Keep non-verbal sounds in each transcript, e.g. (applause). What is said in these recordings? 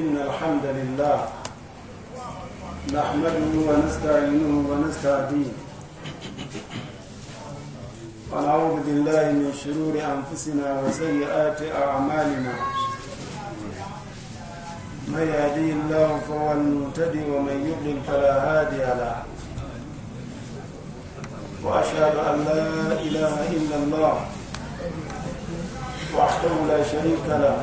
إن الحمد لله نحمده ونستعينه ونستهديه ونعوذ بالله من شرور أنفسنا وسيئات أعمالنا من يهديه الله فهو المهتدي ومن يضلل فلا هادي له وأشهد أن لا إله إلا الله وحده لا شريك له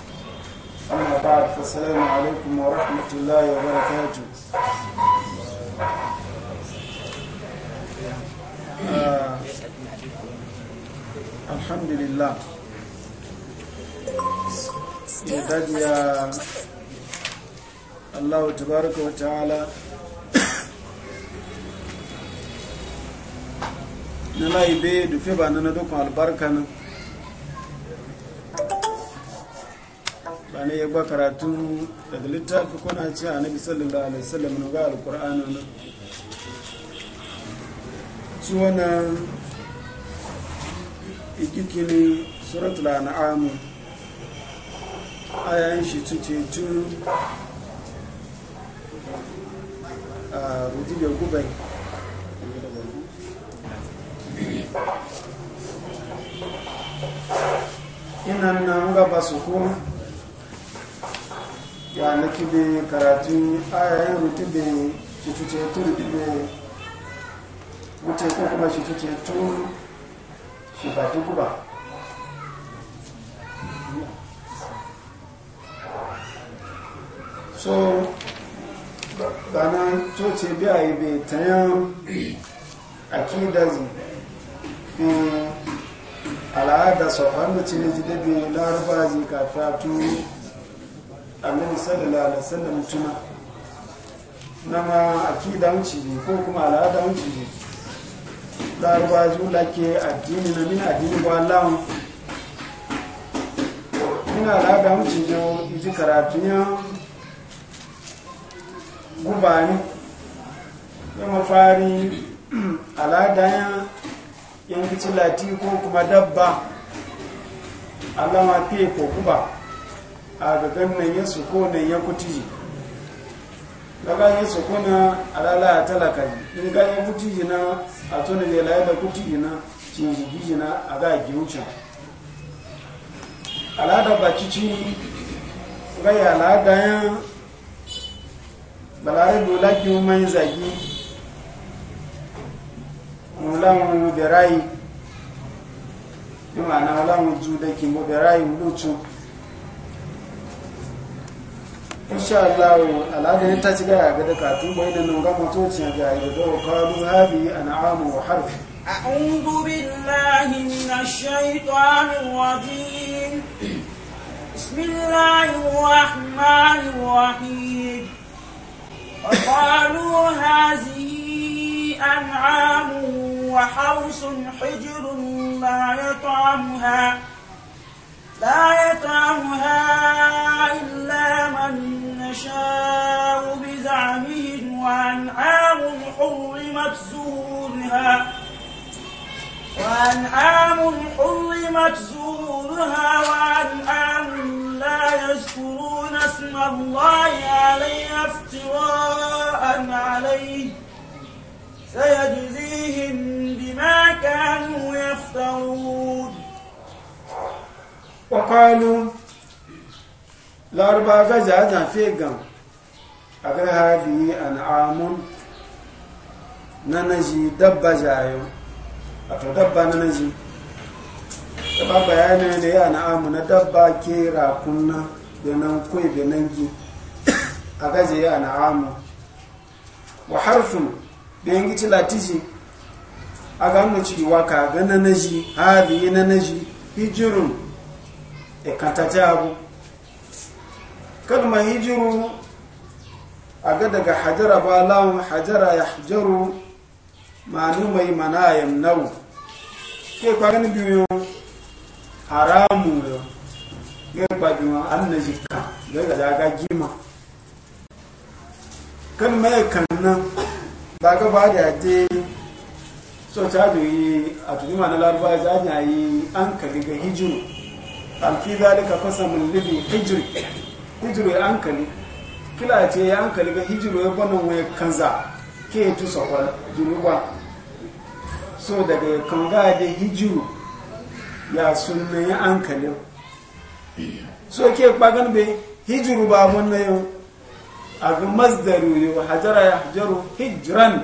amma ba da fasalama alaikum wa rahmatullahi wa barakatu alhamdulillah ya na laibe dufe ba ana ya ba karatu daga littafi kuna ce annabi sallallahu alaihi wasallam na ga alqur'ani na su wannan ikikini suratul an'am ayan shi tuce tun a rudi da gubai ina nan muga ba su kuma ya na kibe karatu ayayen rutube cutuce tun rutube wuce ko kuma cutuce tun shi ba duku ba so bana coci biya yi bai tayan akidazi eh, al'ada sofan da cire jide bai larufa zika fatu annabi sallallahu alaihi wasallam tuna nama akida wuce ne ko kuma al'adanci wuce ne larba zula ke addini na mina addini ba Allah mina al'adanci ne ji karatu ya guba ne ya mafari aladanya ya yankici lati ko kuma dabba ma fiye ko guba a ga gannan ya su ko nan ya kuti daga ya su ko na alala talaka in ga ya kuti na a tona ne la da kuti na cin jigi na a ga giuca alada baki ci ga ya la ga ya balare dola ki mai zagi mulan da rai yana na mulan ju da ki mo da rai mutu insha Allah al'adari ta ci gaya ga daga tubai da nunga motoci ga yi da kalu habi an'amu wa harfi أعوذ بالله من الشيطان الرجيم بسم الله الرحمن الرحيم وقالوا هذه أنعام وحرس حجر لا يطعمها لا يطعمها إلا من نشاء بزعمهم وأنعام حرمت زهورها وأنعام حرمت زهورها وأنعام لا يذكرون اسم الله عليها افتراء عليه سيجزيهم بما كانوا يفترون وقالوا لاربا غزا زان a'mun اغر هذه انعام ننجي دبا جايو dabba ننجي دبا بيان ne ya a'mun na dabba ke rakunna da nan kwai da nan gi a gaje ya na'amu wa harfin da yanki ci latiji a ci waka ga na naji hadi na naji hijirun e kanta jabu kalmar hijiru a ga daga hajara ba lawon hajara ya hajaru mai mana yamnau ke kwagan biyu haramu yau yin kwabiwa an na jika don ga daga gima kan mai kannan ba ga ba da te so ta yi a ma na larba za a yi an ka ga hijiru am fi zalika qasamul lidhi hijri hijri ankali kila ce ya ankali ga hijri ya bonan waye kanza ke tu sokon junuba so daga kanga da hijri ya sunne ya ankali so ke pagan be hijru ba wannan yau aga masdaru yau hajara ya hajaru hijran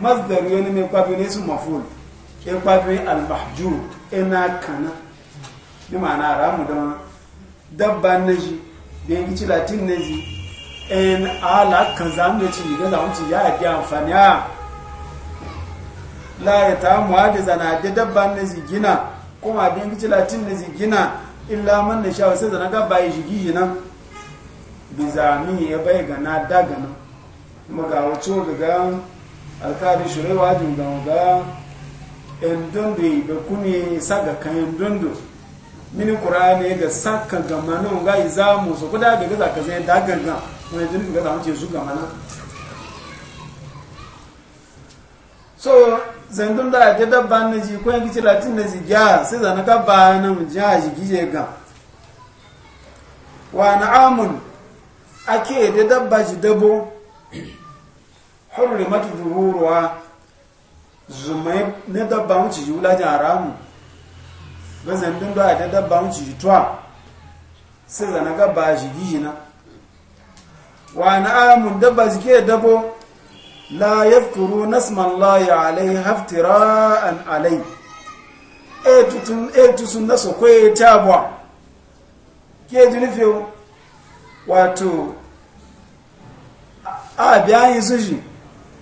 masdaru yau ne mai kwafi ne su maful ke kwafi al-mahjur ina kana ni ma'ana haramu don dabba na ji da yanki ci latin na ji in ala kan zamu da ci gaza zamu ya ga amfani a la ta mu da zana da dabba na ji gina kuma da yanki ci latin na ji gina In man na sha sai zana ga bai shigi nan bizami ya bai gana na daga kuma ga wato ga alkari shirewa jin ga gan en dondo be kuni saga kan en dondo mini ne ga saka ga manon ga mu so kuda ga ga ka zai da ganga wani jin ga zamu ce su ga mana so zandun da ake dabba na ji ko gici latin na ji ya sai zan ka ba na mu a ji gije ga wa amun ake da dabba ji dabo hurrimat zuhuruwa zumai na dabba mu ci yula jaramu gazan dun da ta dabba mun ci tuwa sai zana ga ba shi na. wa na amun dabba zike dabo la yafkuru nasman la ya alai haftira'an alai e tutun e tusun da sokwe tabwa ke jinife wato a biya biyayin sushi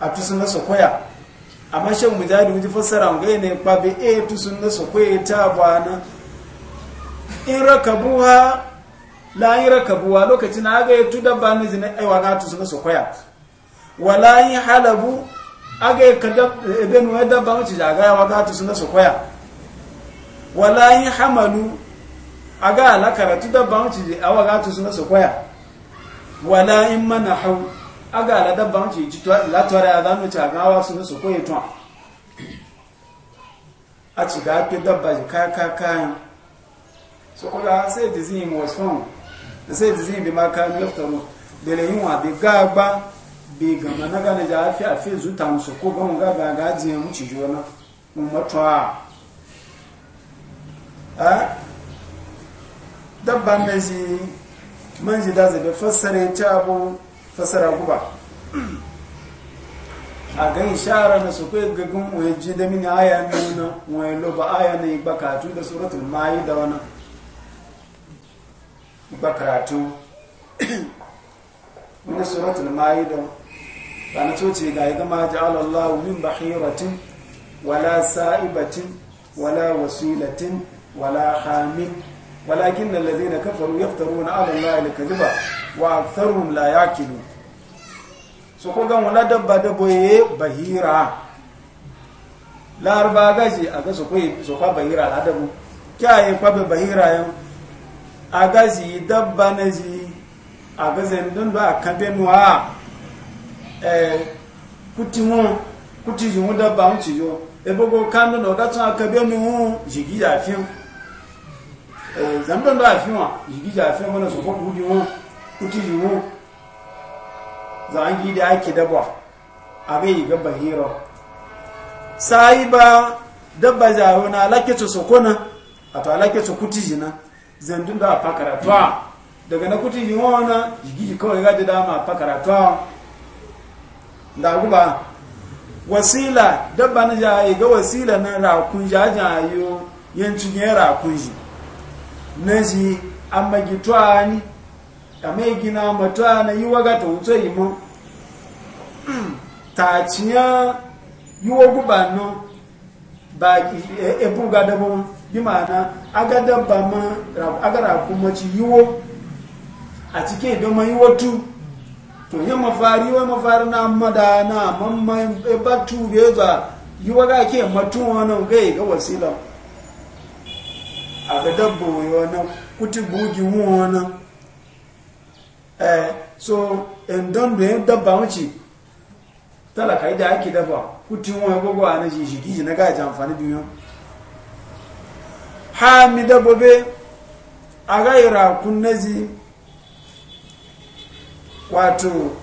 a tusun da sokoya amma shan mujahid wuji fassara mu gaine ba be e eh, tu sunna so ko e ta bana in rakabuwa la in rakabuha lokacin aga yi tu dabba ne zina ai ga tu sunna so koya wala in halabu aga e kada ben wa dabba mu ci daga ga tu sunna so koya wala in hamalu aga la karatu dabba mu ci ga tu sunna so koya wala in manahu aga la dabba mu ci la twara da mu ta ga wasu su ko yeto a ci ga ke dabba ji ka ka ka so ko da sai dizin was found da sai dizin bi ma ka lafta mu da le yin wa bi gagba bi gama mana ga na ja afi afi zuta musu ko ga mu ga ga ga ji mu ci jona mu matwa a dabban da shi man ji da zai fassara ta abu fasara guba a gan shara na su kai gagun waje da mini aya nuna wani loba aya na igba karatu da suratun mayu da wani ba karatu wani suratun mayu da wani coci ga ya gama ja'alallahu min bahiratin wala sa'ibatin wala wasilatin wala hamin walakin na lazina kafaru yaftaruna ala Allah al-kadhiba wa aktharuhum la yaqilun so ko gan wala dabba da boye bahira larba gaji a ga so kwa bahira la dabu kya yi kwa be bahira yan a gaji dabba na ji a ga zan don ba kan be mu ha eh kuti mu kuti ji mu dabba mu ci yo e bogo kan don da tun aka be mu jigi ya fi eh, zan don da fi wa jigi ya fi mana so ko kuti mu kuti ji mu zangi da ake daba a bai ga bahira sai ba dabba zawo na lake su sokona a ta lake su kuti jina zandun da fa karatuwa daga na kuti jina wana jigi kawai ga da dama fa karatuwa da guba wasila dabba na jaye ga wasila na rakun ayo yancin ya rakun ji na shi an magitwa ni kame gina matuwa na yi waga tuntun (clears throat) wuce ta ciya yi wa gubanin ba ebu ga dabon bi ma'ana aga dabba ma kuma ci yi wo a cikin idan ma yi watu to yi mafari wa mafari na mada na mamma e, batu bai za yi waga ke matu wani gai ga wasila a ga dabba wani kutubu gi wani eh so in don da dabba wuce talaka da ake dafa kutin wani gogo a naji shi giji na gaji amfani duniya ha mi dabbobe a gaira kun nazi wato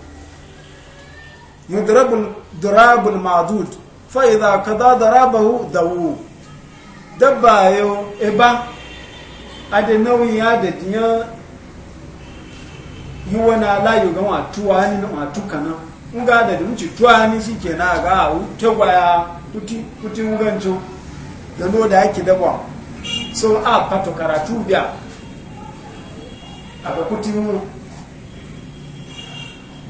yudrabul durabul madud fa idza kada darabahu dawu dabba yo eba ade nauyi ya da yi wani alayi ga watuwa ni na watuka nan in ga da dimci tuwa hannun shi ke na ga ta gwaya kuti ugancu da no da yake dabwa so a pato karatu biya a ga kuti mu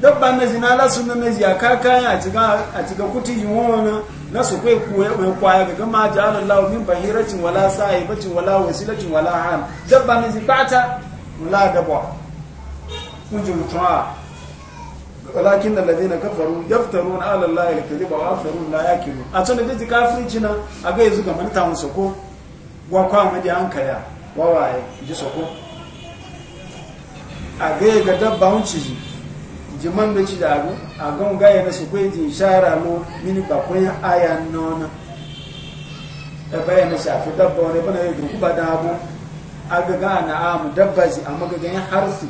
dabba na zina la sunna na ziya a ciga a ciga kuti yi wona na su kai kuwa mai kwaya ga ma ja Allah min bahiracin wala sa'ibatin wala wasilacin wala han dabba na zibata wala dabwa kujin mutuwa. walakin da ladina kafaru yaftaruna ala allahi alkadiba wa aktharun la yaqilun a tun da ji kafirci na a ga yanzu ga manta mun soko gwa kwa mu ji hankaya wawaye ji soko a ga yi ga dabba mun ci ji man da ci da abu. a ga mun ga yana soko ji ishara lo mini ba ko ya aya nona e bayana shafi dabba ne bana yi duku ba da abu a ga ga na am dabba ji amma ga ga harsi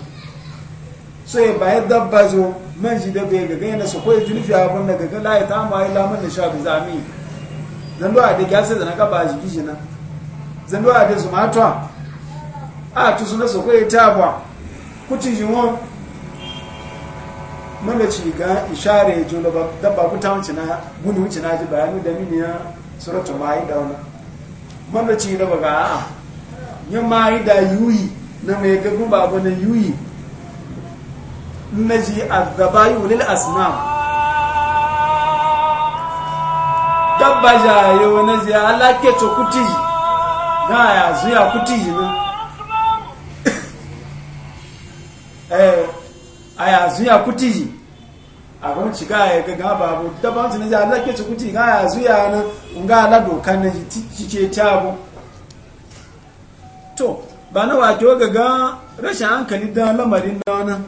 so ya bayan dabba zo man shi da bai gaga yana su koyi julfi abin da gaga la ta ma yi lamar da shafi zami zan a da gyasa zana na kaba a jiki shi nan zan a da su mata a tu suna su koyi ta ba kucin shi won mana ci ga ishare jo ba dabba ku ta wuce na guni wuce na ji bayanu da mini ya suratu ma'i da wani mana ci da ba ga a'a yin ma'i da yuyi na mai gagun babu na yuyi مجيء azabayu lil دبا dabba jayo على alake to kutiji na ya zuya kutiji na eh aya zuya kutiji abin ci ga ya gaga babu dabba su naji alake to kutiji ga ya zuya na nga ala doka naji cike tabo to ba na rashin hankali da lamarin na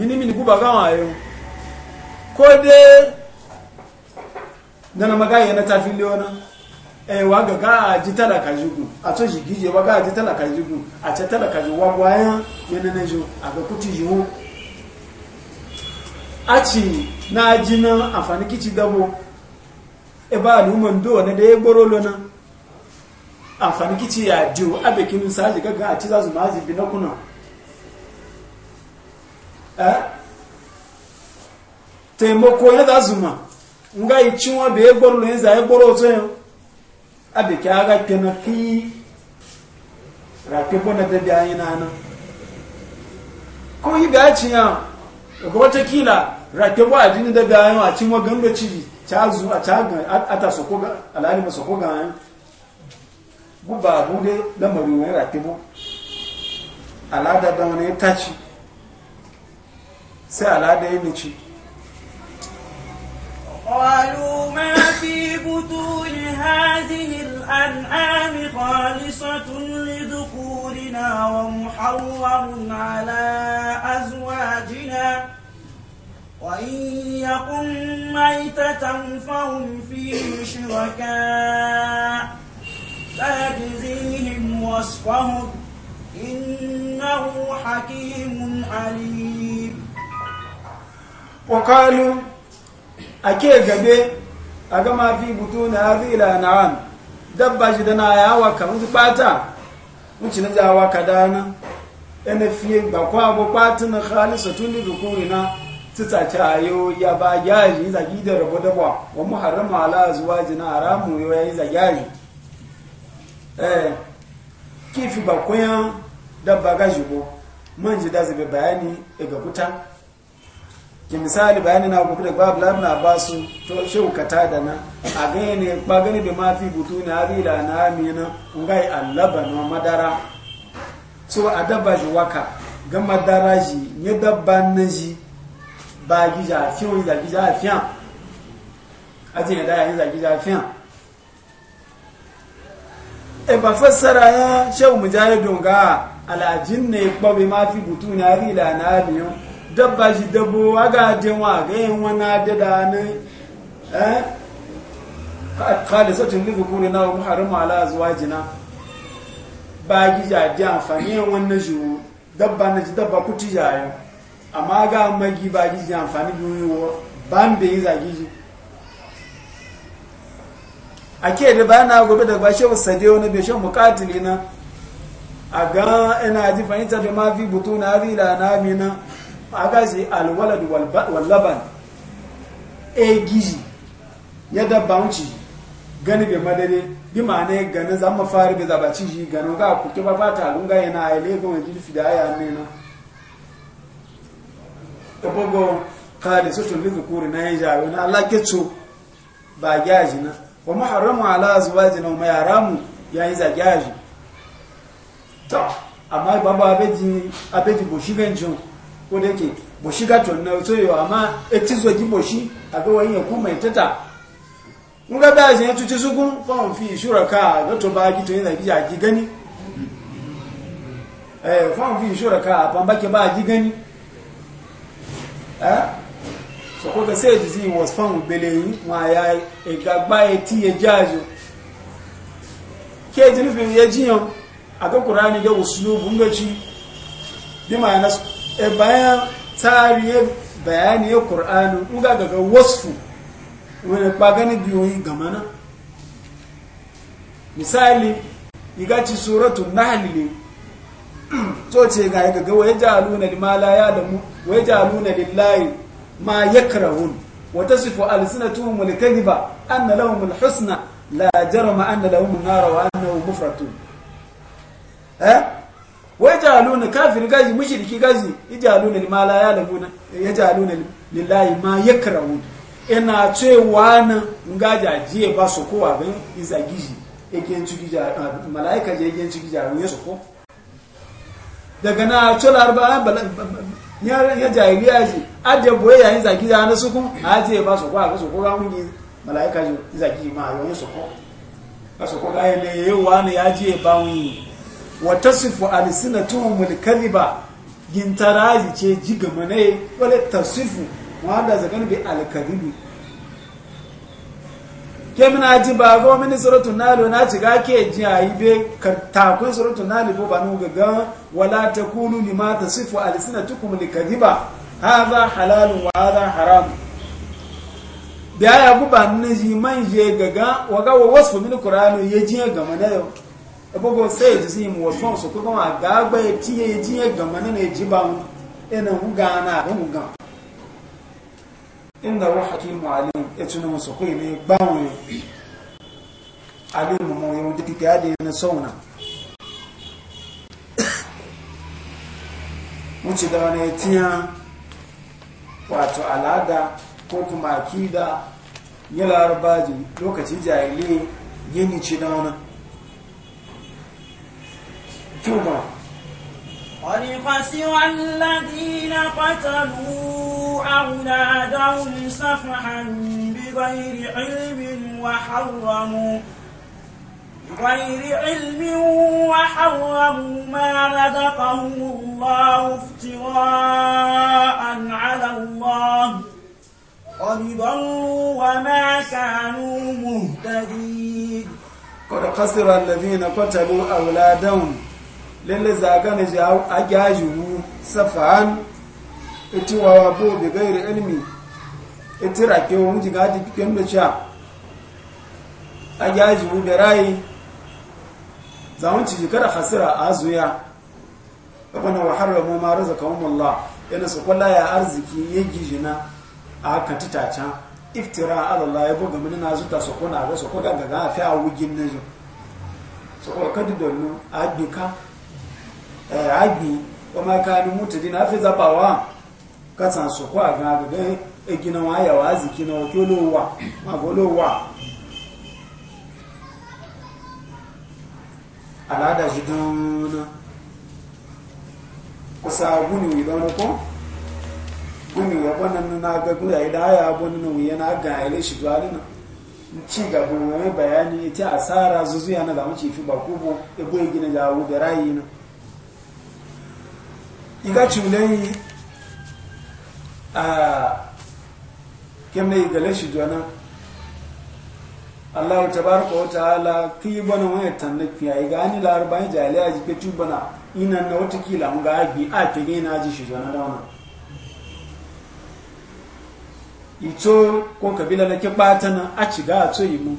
mini mini guba gawa ayo ko dai dana magaya na tafi ewa ga ga ji talaka jugu a to shi gije wa ga ji a ce yana na jo a ga yiwu a ci na ji na amfani dabo e ba al'umman do na da ya gboro lona amfani kici ya diwo abekin sa ji ga ga a ci su ma na Eh? taimako ya za su ma nga yi cinwa da ya gboro lenzi a ya gboro otu yau a da kya ga kena fi rafi bona da biya yi nana ko yi biya ci ya daga watakila rafi bo a jini da biya yi a cinwa gando ciji ta zu a ta ga a ta soko ga alhali ma soko ga yan bu ba bu dai lamarin wani rafi da wani ya taci sai alada ya mici قالوا ما في بطون هذه الأنعام خالصة لذكورنا ومحرم على أزواجنا وإن يكن ميتة فهم فيه شركاء سيجزيهم وصفهم إنه حكيم عليم وقالوا أكي غبي أكما في بطون na الأنعام dabba shi dana ya waka mun bata mun ci naja waka dana ene fiye ba kwa bo patin khalisa tun li zukurina tita ta yo ya ba yaji za gida rabo da ba wa harama ala zuwajina haramu yo yayi yi yaji eh kifi ba dabba ga jibo man ji da zabe bayani e ga kuta ki misali bayani na ku da babu labna basu to shehu kata da na a ganye ne ba gani da mafi butu na rila na amina ngai allaba na madara so a dabba ji waka ga madara ji ne dabba na ji ba gi gija fiyon da gija fiyan ajin da yayin da gija fiyan e ba fassara ya shehu mujahidun ga alajin ne ba mafi butu na rila na amina dabba shi dabo aga ajewa ga yin wani adada ne eh khalisatun li dhukurina wa muharramu ala azwajina ba gi ja di amfani yin wannan shi dabba na ji dabba kuti jayo amma ga magi ba gi ji amfani bi wo bambe yin zagi ji ake da bayana gobe da bashe wasadiyo na beshe mukatili na a ga ina e ji fahimta da mafi butu na rila na amina agazi alwalad wal laban e gizi ya da wuce gani bai madare bi ma'ana gani za mu fara bai zabaci shi gani ga kuke ba fata lunga yana a ile ga wani jirfi da aya ne na ebogo su tun lizu kuri na yin jawo na Allah ba gyaji na wa muharramu ala zina na ma yaramu ya yi za gyaji to amma babu abeji abeji bo shi ganjin ko da yake boshi ga to na e wani mun ga zai tuci sugun fi shuraka ga to ba to yana gani eh fi shuraka ban ba ke ba gani eh so ko ga sai dizi was bele wa ya e e ti e ke jinu ye jiyan qur'ani ga ngaci bi ma e bayan tariye bayani ya qur'ani uga daga wasu wani bagani biyoyi gama na misali iga ci suratul nahl ne (clears throat) to ce ga gaga wa yaj'aluna limala ya lamu wa yaj'aluna lillahi ma wata yakrahun wa mulkani ba an na lahum mulhusna la jarama anna lahum an-nara wa annahum mufratun eh wai jaluna kafir gazi mushriki gazi ijaluna lima la ya jaluna lillahi ma yakrahu ina cewa na ngaja jiye ba su ko abin izagiji yake ciki ja ah, malaika je yake ciki ja ne su ko daga na ce larba ah, ya jahiliya ji ajiye boye yayin zaki da na suku ajiye ba su ko a su ko ga mun malaika ji zaki ma yayin su ko ba su ko ga ne wa ya ajiye ba mun wata alisina tuhun mulkali gintarazi che ce jigama wale tasifu wanda gani bi alkaribi ke muna ji ba go mini suratun nalo na ci ga ke ji a yi be takun suratun nalo bo ba nu gaga wala ta kunu ni ma ta sifu alisina tukum likadiba hadha halalu wa hadha haram biya ya guba ji man je gaga waga wa wasfu min qur'anu ya ji gama na yau ebogo sai ji mu wasu su kuma ma agba ya tiye ya jiye gama na na ji ba mu ina mu gana ba mu gana inda wa hakimu alim ya etu na kai ba mu ne alim ya da kike adịghị na sauna mun ci tiya wato alada ko kuma akida ya larabaji ji jahiliya yini ci na wani توبة قد خسر الذين قتلوا أولادهم سفحا بغير علم وحرموا بغير علم وحرموا ما رزقهم الله افتراء على الله قد ضلوا وما كانوا مهتدين قد خسر الذين قتلوا أولادهم lalle zaga na a gyaji hu safa'an iti wawa bo bi gairi ilmi iti rake wa mutu ga ati fikin da cha a gyaji hu da rayi zamun ci kada hasira a zuya rabana wa harramu ma razaqahum mulla yana su kwalla ya arziki ya gijina a kan titacan iftira a Allah ya buga mini na zuta su kona ga su koga ga ga a wugin nan su ko kadu dollu a duka Eh, agi wama kanu mutadi na fi zabawa katsan su kwa ga ga egina wa ya wa ziki na okolo wa ma golo wa alada jidan kusa guni wi don ko ya na ga guni ya da ya bonan ga ile shi dwalina ci gaba mai bayani asara ya na da mu bụ fi bakubo ebo egina jawo da rayi iga cunan a kemne igale shi jona Allah tabaraka wa ta'ala ki bana wani tannafi ya iga ni la arba'in jaliya ji ke tubana ina na wata kila mun ga abi a ke ne na ji shi jona da wannan ito ko kabila na ke batana a ci ga a to yi mu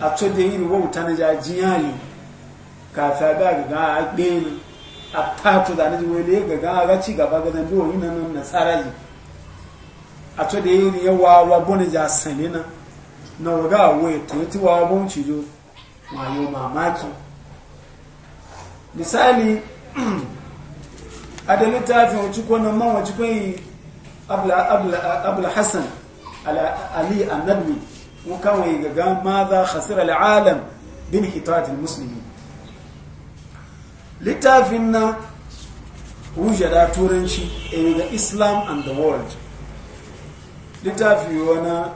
a to da yi wauta na jajiya yi kafa ga ga a gbeni a pato da nijin wele ga gaga ci gaba ga zan biyo ina nan nasara ji a to da yi yawa wa bone ja sani na na waga we to ti wa bon ci jo ma yi mamaki misali a da littafi wuci ko nan man wuci ko yi abla abla ali annadmi wukan kan wai gaga ma za khasira al'alam bin hitat musulmi littafin nan da turanci in the islam and the world littafi wani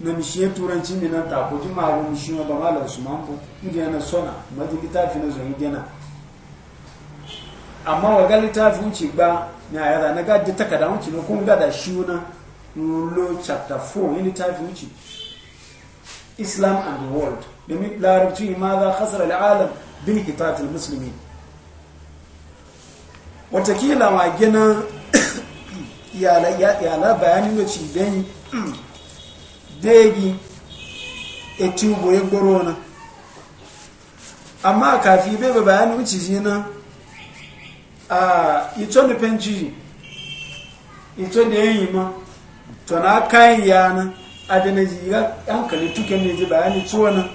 na mishiyar turanci ne nan takoji ma'abu mishiyar ba malar su mambo inda yana sona maji littafi na zoyi gina amma waga littafi wuce ba na yara na gaji takada wuce na kun gada shi wuna nulo chapter 4 yin littafi wuce islam and the world domin larabci ma za khasar al'alam bin kitatul musulmi watakila wa gina yala bayani da cibiyan degi etubo ya goro na amma kafi bai ba bayanin wuce na a ito da penci ito da ma to na kayan yana adana jiga hankali tuken ne ji bayani ciwo na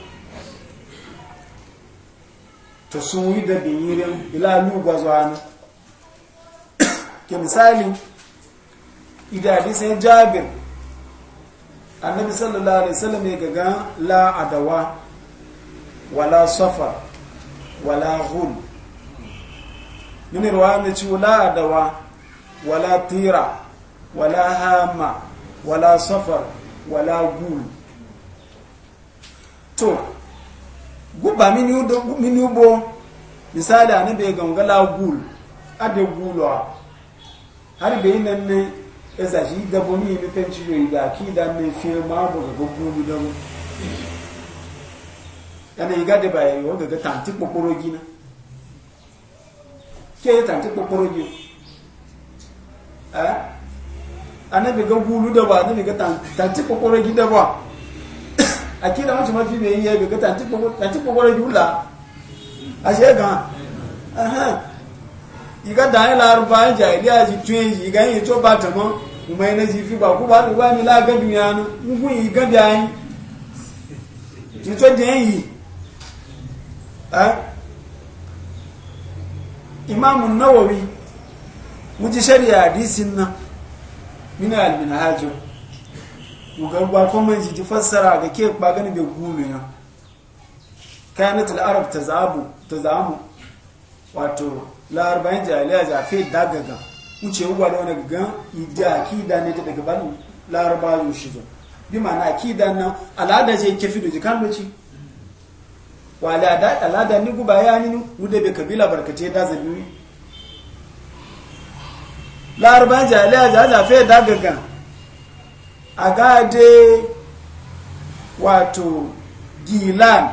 to sun yi da binyirin ila lugwa zuwa ke misali idadi sai jabir annabi sallallahu alaihi wasallam ya gaga la adawa wala safar wala hul mini ruwa mai ci la adawa wala tira wala hama wala safar wala gul to guba mini ubo misali annabi ya ganga la gul ade gulwa har bai nan ne ya sashi dabo ni ne tan ciyo ga ki da ne fi ma bo ga gugu mu da mu yana yi gade ba yayi wanda ga tanti kokoro gina ke tanti kokoro gina eh annabi ga gulu (coughs) da ba ne ga tanti kokoro gina ba akida wancan mafi mai yi ya ga tanti kokoro tanti kokoro gula ashe ga aha iga da yin larufa yi jahiliya yi tun yin iga yin to ba ta mọ umar yana ji fi ba ku ba ruwa mi laga duniya na ngun iga da yin nítorí dẹ́yìn yìí ẹ́ imáàmù náwàwí mú ti ṣẹ́rì àdísì náà nínú àlìmìnà hajjọ́ mugarba kuma ji ti fassara ga ke bagani bai gume na kayanatul arab ta zamu wato larabayin jahiliya zafe dagaga wuce wuwa da wani gagan ida da ne daga banu larabayin shi zo bi ma na da nan al'ada ce kefi da jikan loci wa al'ada ni guba ya nini wude bai kabila barkace da zabi larabayin jahiliya za zafe dagaga a gade wato gilan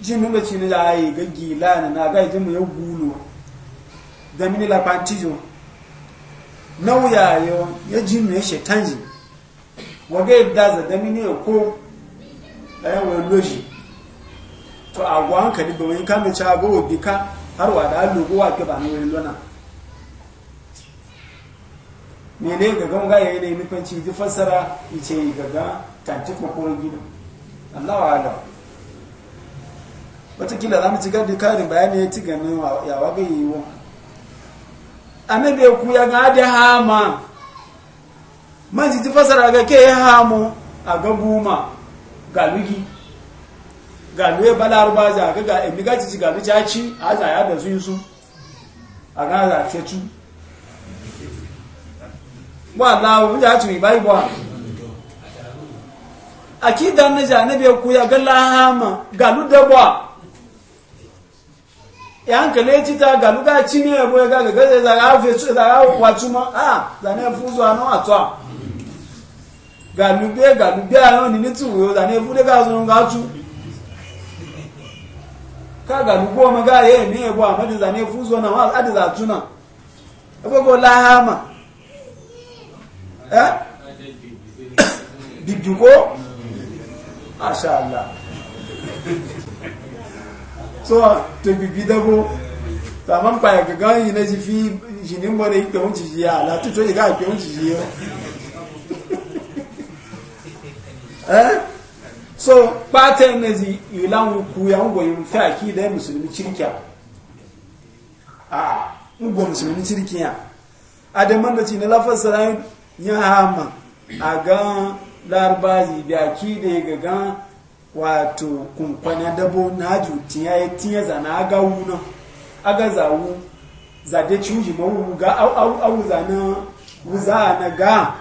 jin nuna ci da ya ga gilan na ga jin mu ya gulo da mini labantijo nauya yo ya ji me shetanji waga yadda za da ya ko ɗaya wani loji to a gwa hankali ba wani kame ci abu bika har wa da allugo wa ke ba wani lona ne ga gama ya yi na nufanci ji fassara ice gaga tanti kokoron gina Allah wa Allah watakila za mu ci gadi karin bayani ya ci ganin yawa ga yi wa ku ya kuya ga da hama man ji fasara ga ke ya aga a ga guma ga lugi ga luye balar baza ga ga emi ga ci ga luci aci a za ya da sun su a ga za tu wa la wu ja tu bai ba akidan na ja annabi ya kuya ga la hama ga lu da a. yankele ya cita ga luka cini ya boye ga gaza za ga fe su za ga watu ma ah za ne fuzo ano atwa ga lube ga lube ano ni nitu yo za ne fude ga zo nga tu ka ga lubo ma ga ye ni e bo amadi za ne fuzo na wa adi za tuna e bo la hama eh biduko (coughs) asha Allah so to bibi dabo to amma ba ga ga (laughs) eh? yi na ji fi ji ne mo re ke unji ji ala to to ga ke unji ji eh so pata ne ji ilan ku ya ngo yi fa ki da musulmi cirkiya a ngo musulmi cirkiya adaman da ci na ya hama a ga larbazi da ki da ga ga wato kumfana dabo na haju tiya ya tiya za na aga wuna aga za wu za de ciwuji ma wu ga au au au za na wuza na ga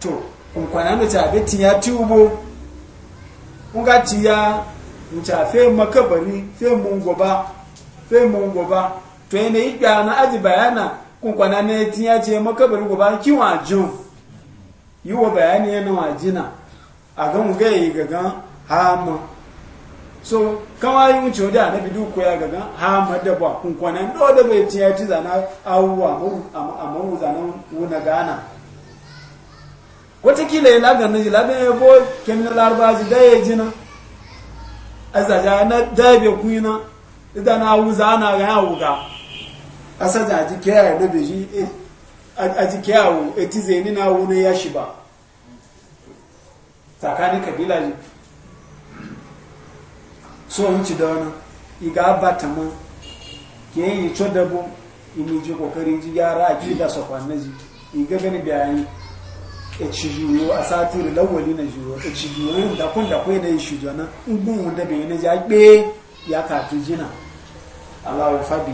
to kumfana da ta be tiya tiubo nga tiya ncha fe makabari fe mungoba fe mungoba to ene igba na aji bayana kumfana ne tiya je makabari goba kiwa jun yiwo bayani na wajina a ga mu ga yi gagan hama so kama yi wuce wadda na bidu ko ya gagan hama da ba kun kwana ndo da bai ci ya ci zana awuwa a mawu zana wuna gana watakila ya lagar na jila don ya bo kemina larba ji da ya ji na a zaja na daibe kuna ita na awu na ga ya wuga a saja a jike ya da bai ji e- a jike ya wu eti zai ni na wuna ya shi ba tsakanin kabila ne so in ci da wani iga bata mun ke yi co dabo imi ji kokari ji gyara a kiri da sofan na ji iga gani bayani e ci juyo a sati da lawali na juyo e ci juyo yin da kun da kwai na yi shujo na ugun wanda bai yi na ji agbe ya katu jina Allah wa fabi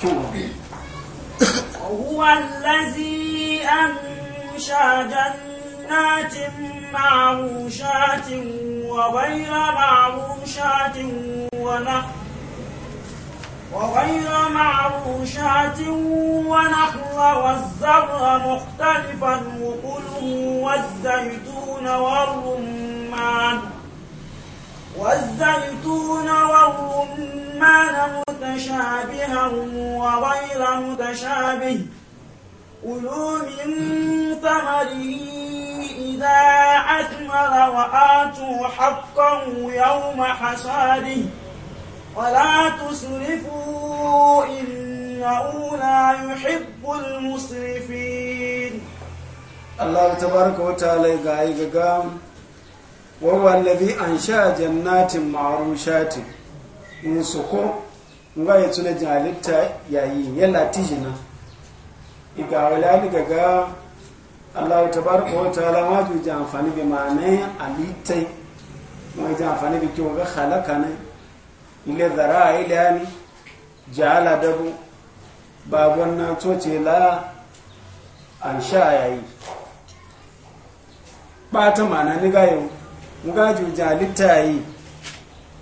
kyau هو الذي أنشأ جنة جنات معروشات وغير معروشات ونخل وغير معروشات ونخل والزرع مختلفا وكله والزيتون والرمان والزيتون والرمان متشابها وغير متشابه كلوا من ثمره إذا أثمر وآتوا حقه يوم حصاده ولا تسرفوا إنه لا يحب المسرفين الله تبارك وتعالى قائق وهو الذي أنشأ جنات معروشات نسكو ngai tuna jalitta yayi yalla tijina iga wala ni gaga Allah ta baraka wa la ma ji amfani bi ma'anai alitai ma ji amfani bi kiwa ga halaka ne ile zara ile ni jala dabu babon na toce la an sha yayi ma na ni ga yau mu ga ju jalita yi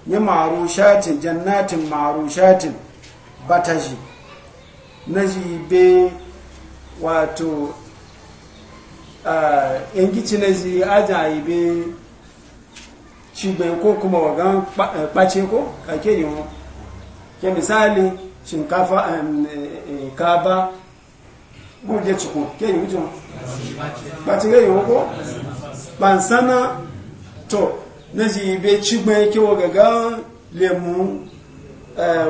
ya shatin jannatin marushatin batashi na ji be wato yan eh, gici na ji ajayi be ko kuma wagan ɓace eh, ko kake yi ke misali shinkafa eh, kaba guje cikin ke yi wucin ɓace ga ko to na ji be cibin ke lemu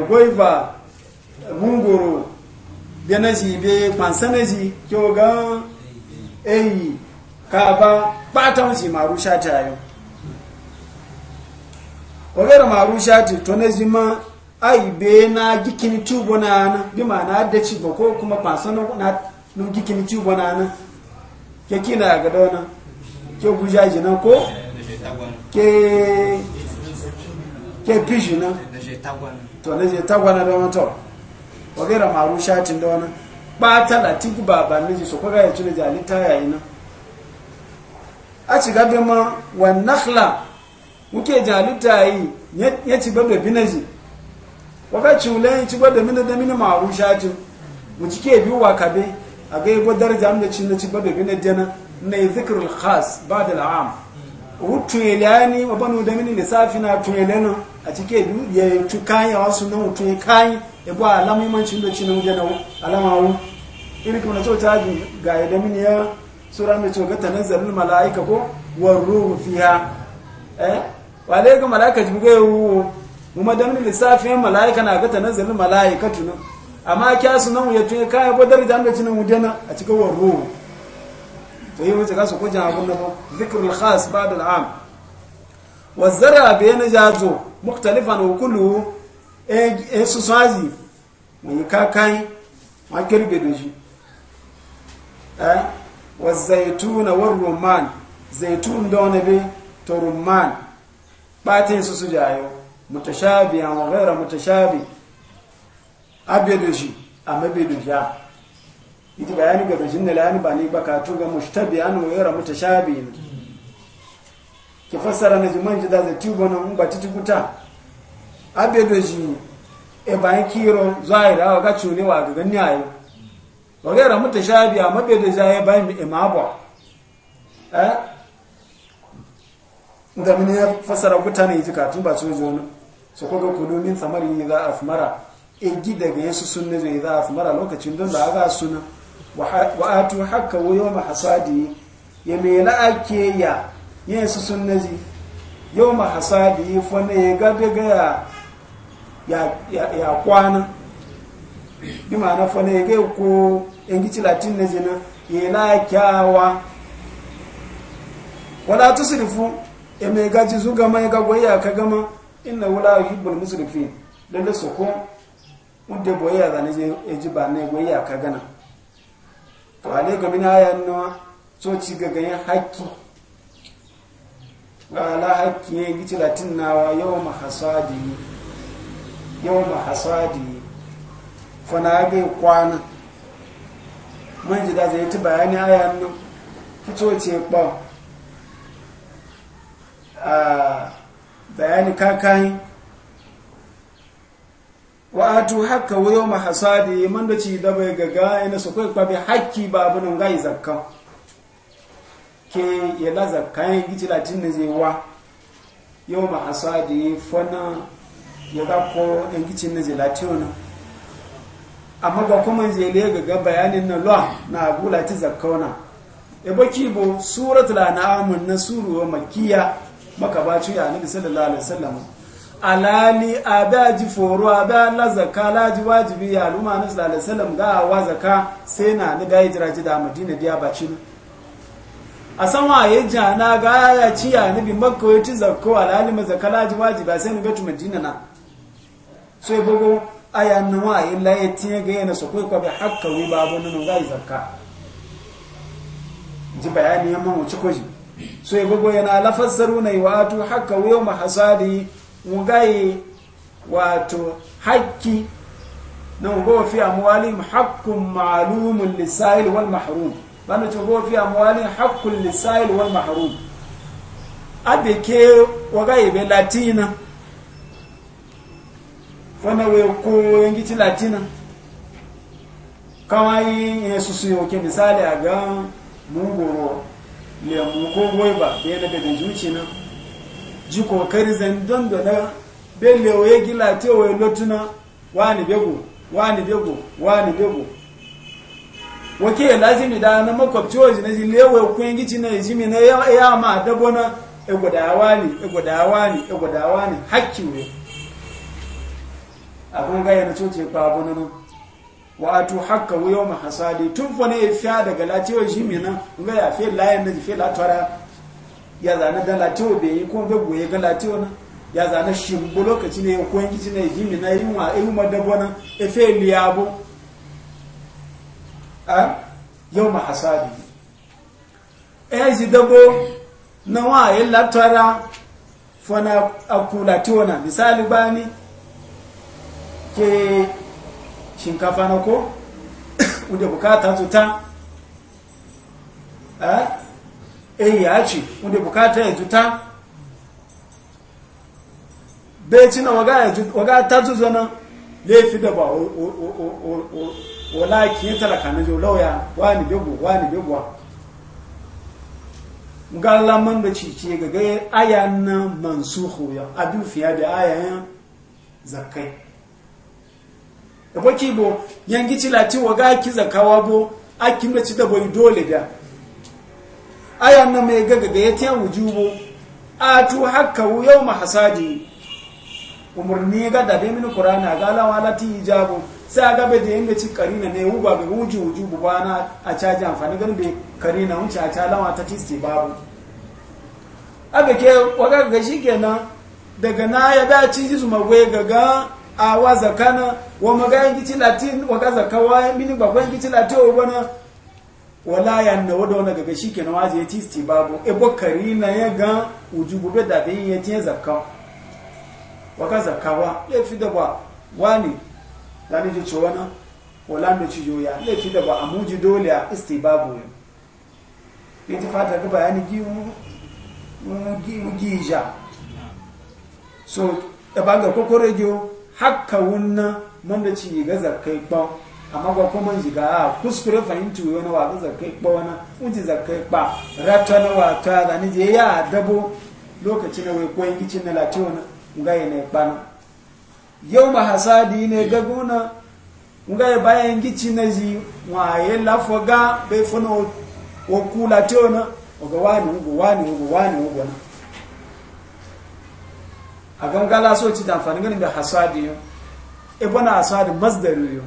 goiva mungoro bɛ na ji be ke eyi kaba batan si marusha ta yau ogara marusha ta to na zima ai na gikini tubo na ana bi ma na da ko kuma fansa na na gikini tubo na ana ke kina ga na ke guja ji na ko ke ke pishi na to na je tagwana da wato ogara marusha ta dona bata lati ku ba miji so kwaga ya jali ta yayi nan a ci gabe ma wa nakhla muke jali ta yi ya ci babe binaji waka cule ci babe mina da mina maru shatu mu ci ke kabe a ga yabo daraja mu da ci na ci babe na dana na zikrul khas ba'da al'am a cike ya wasu ibu alamuhimancin da cinin jana alamawu irin kuma to ta ga idan min ya sura mai to ga zarin malaika ko fiya. fiha eh wale ga malaika ji ya yu kuma da min lissafin malaika na ga zarin malaikatu ne amma kya su nan ya tun kai bo daraja da cinin wujana a cikin waruhu to yi wuce kasu su ko na ba ko zikrul khas ba'd al am wa zara bayna jazo muktalifan wa e su sazi mun kakai ma kirbe da shi eh wa zaituna wa rumman zaitun da wani bi to rumman batin su su jayo mutashabi wa ghayra mutashabi da shi amma da ja ita bayani ga dojin da lani ba ni ba ka to ga mushtabi an wa ghayra mutashabi ki fassara na jumanji da zaitun ba nan ba titukuta abedoji e bayan kiro zahiri awa ga cune wa ga gani ayo ogera muta shabi a mabedoji ayo bayan imaba eh da mini ya fasara kuta ne jika tun ba cin zuwa su kuka kudu min samari za a samara igi daga yesu sun ne zai za a samara lokacin don da aga suna wa atu haka wuyo ma hasadi ya mai la'ake ya yesu sun ne yau ma fa fone ya gabe gaya ya kwana bi ma'ana fana ya gai ko yan gici latin na jina ya na kyawa wala ta sirifu ya mai gaji zu gama ya gagwai ya ka gama inna wula hibbul musulfi lalle su ko wadda boye ya zane je ya ji ba na ya ya ka gana to ale ga mina ya nawa so ci ga ganyen hakki ga ala hakki ya gici latin nawa yau mahasadi yau ma hasadi fana ga kwana mun ji da zai ta bayani a nan fito ce ba a bayani kakai wa atu haka wa yau ma hasadi man da ci da bai gaga ina su kai kwabe hakki babu nan ga zakka ke ya zakka yin gici latin ne zai wa yau ma hasadi fana ya ga ko yan kicin na zelatiyo na amma ba kuma zele ga ga bayanin na lwa na gula ti zakkauna e baki bo suratul an'am na suru wa makkiya maka ba ci annabi sallallahu alaihi wasallam alali adaji foro ada la zakka la ji wajibi ya luma na sallallahu alaihi wasallam ga wa zakka sai na ni ga hijira ji da madina biya ba ci a sanwa ya jana ga ya ci annabi makka ya ci zakko alali ma zakka la ji wajibi sai ni ga tu madina na so ya bugu aya nuwa illa ya tiye ga yana su kuka bai haka wi babu nuna gai zakka ji bayani yamma wuce kwaji so ya bugu yana lafassaru na yi wa atu haka wi yau hasadi mu gai wato haƙƙi na gowa fi amwalim hakkun ma'alumun lisa'il wal mahrum bana ce gowa fi amwalim hakkun lisa'il wal mahrum Ade ke wa gai bai latina fana we ko yangi ti latina kawai ya susu yau ke misali a ga mungoro lemu ko goiba da yana da zuci na ji kokari zan da na belle o ya gila te o lotuna wani bego wani bego wani bego wake lazimi da na makwabci wa na jile wa kun yangi ci na jimi na ya ma dabona egwadawa ne egwadawa ne egwadawa ne hakki ne abun ga yana cuce kwa abun wa atu hakka wuyo ma hasadi tun fa ne fiya daga latiyo shi me nan ga ya fi layan da fi latwara ya zana da latiyo be yi ko ga goye ga latiyo na ya zana bu lokaci ne ko yin kici ne shi me na yin wa ayu madabo na efe bu a yau ma hasadi eh ji dabo na wa yi latwara na akula tona misali bani ke shinkafa na ko wanda bukata tuta eh eh ya ci wanda bukata ya zuta? bai ci na waga ta tuzo nan laifi da ba wala ki talaka na jau lauya wani bebu wani bebuwa ga laman da ci ce ga gaya aya na mansuhu ya abin fiya da ayayen zakai da ki bo yangi ci lati wa ga ki zakawa bo a kin da ci da bai dole da aya na mai gaga ga wuju bo a tu hakka yau ma hasadi umurni ga da bai mini kurana ga lawa lati ijabu sai a gaba da yanga ci karina ne uba ga wuju ba na a caji amfani ganin bai karina wuce a ta ta tisti babu aga ke waga ga kenan daga na ya da ci zuma gaga awa zakana wa magayan gici latin wa ka zaka wa mini babban gici latin wa wani. wala yanna wada wani gaga shi na waje ya ci sti babu Ebo kari na ya ga ujubu be da bin ya tiye zakka wa ka zaka wa ya fi da ba wani da ni ci wana wala mu ci yoya ya fi da ba amuji dole a istibabu ya ta fata ga bayani gi mu gi mu gi ja so da e banga kokorejo Haka wunna man ci yi ga kai ah, kpa amma ba kuma ji ga kuskure fahimci wani wa ga zakai kpa wani unji zakai kpa rata na wata da ni je ya dabo lokaci na wai koyin kicin na latona ga ya ne kpa yau ma hasadi ne ga na nga ya bayan kicin na ji wa lafo ga bai fana okula tona oga wani ugu wani ugu wani ugu na a gangala so ci amfani ganin da hasadi yo ibn hasadi masdar yo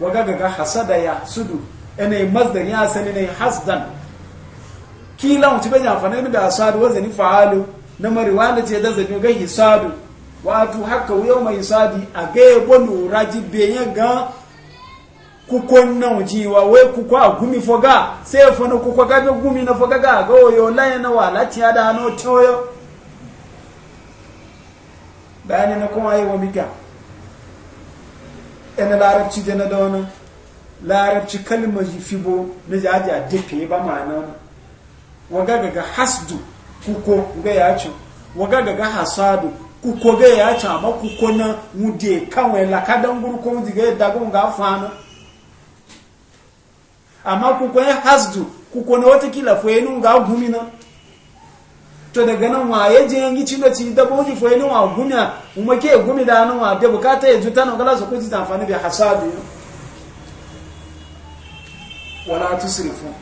waga gaga hasada ya sudu ene masdar ya asali ne hasdan kila mu ci ban amfani ganin da hasadi wazani fa'alu na mariwanda ce da zani ga hisadu wato haka yau mai hisadi a ga yabo nura jibe ga kukon nan jiwa wai kuko a gumi foga sai ya fana kuko gabe gumi na foga ga ga oyo laye na wala tiya da hano toyo bayani na kuma yi wa mika ɗan larabci da na da wani larabci kalmar fibo na jaja dafe ba ma'ana waga daga hasdu kuko ga ya ce waga daga hasadu kuko ga ya ce amma kuko na wude kawai lakadan gurkon wude ya dagon ga fana amma kuko ya hasdu kuko na watakila fayenu ga gumi na to daga nan wa ya je yangi cindo ci da boji fo ni wa gunya umma ke gumi da nan wa da bukata ya juta nan kala su kuji ta amfani bi hasabi wala tusrifu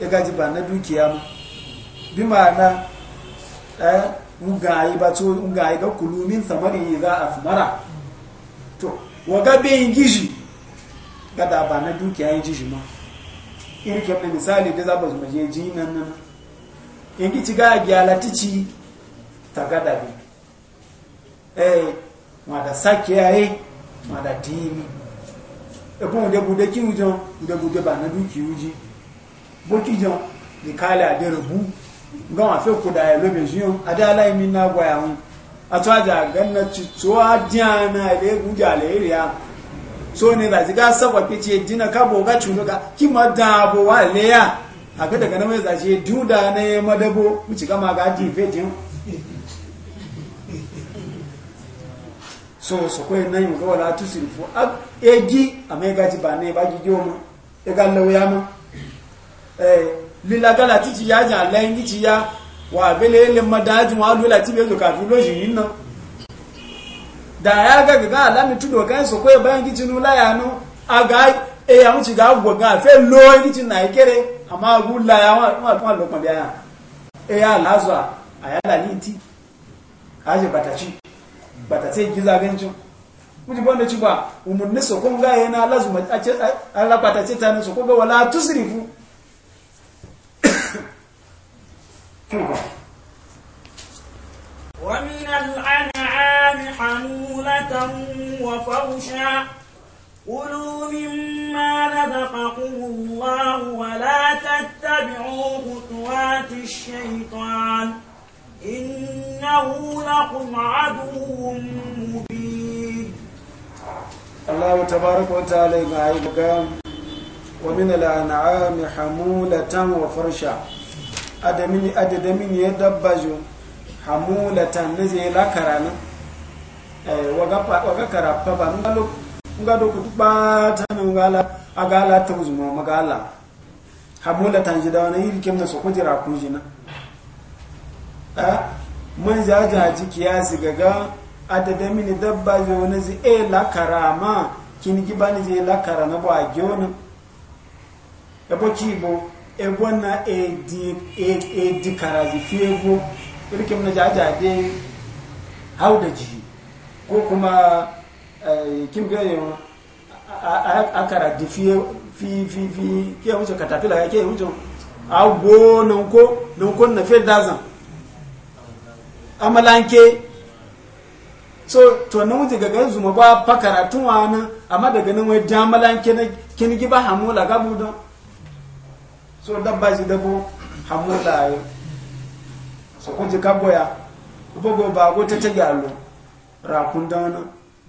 ya gaji ba na dukiya ma bi ma'ana eh mugayi ba to mugayi ga kulumin samari za a samara to wa ga bin gishi gada ba na dukiya ya jiji ma irin kemne misali da za ba su maje jinan nan ingi ci gaya gyala tici tagada bi eh mada sake yayi mada e, timi ebun de bude ki ujo de bude ba na du ki uji bo ki jo ni kala de rubu nga wa fe kuda ya lobe jiyo adala imi na gwa ya hun atwa ja ganna ci to na de guja le riya so ne da ziga sabwa pice dina bo ga chunuga ki madabo wa leya aka daga na mai zace duda ne madabo wuce kama ga difetin so so kwe na yin gawala tusirfu egi a mai gaji ba ne ba gigi omu ya ga lauya mu eh, lilagala titi ya jan lẹ́yìn titi ya wa bẹ́lẹ̀ lè mọ dájú wọn lóla tí bẹ́ẹ̀ lòkà fi lóṣù yìí ná da ya ga ala alami tudo kan so kwe bayan kitinu layanu aga eya eh, wuce ga gwa ga fe lo kitinu na ikere àmọ́ agúnlá wọn àtúnwà lọ́pọ̀ bí ẹ̀yà aláàzọ́ àyàlà ní tí a ṣe bàtàci bàtàci gíza gẹ́ncin mújì bọ́ndà ci ba umarni sokon gaya na ta ní sokon gawa látúsìrì fún ومن كلوا مما رزقكم الله ولا تتبعوا خطوات الشيطان إنه لكم عدو مبين الله تبارك وتعالى يقول ومن الأنعام حمولة وفرشا أدمين أدمين يدبجو حمولة نزي لكرنا وقفا وقفا ربا nga do ku bata na ngala agala ta mo magala hamula da wani yiri kemna so kujira kujina a mun ja ji kiyasi gaga adada mini dabba je wani zi e la karama kini gibani je la karama ba gyona ebo bo ki bo e, e di e e di karaji fiego yiri kemna ja de hauda ji ko kuma Eh, kim ganyen a karadi fi ke wuce katafila ya ke wuce agwo nanko nanko na fi dazan amalanke so to nan wuce gagan zuma ba fakara tun wa nan amma daga nan wai amalanke na gi ba hamula gabu don so dabba shi dabo hamula yau so kun ji kaboya ubogo ba go ta ta gyalo rakun da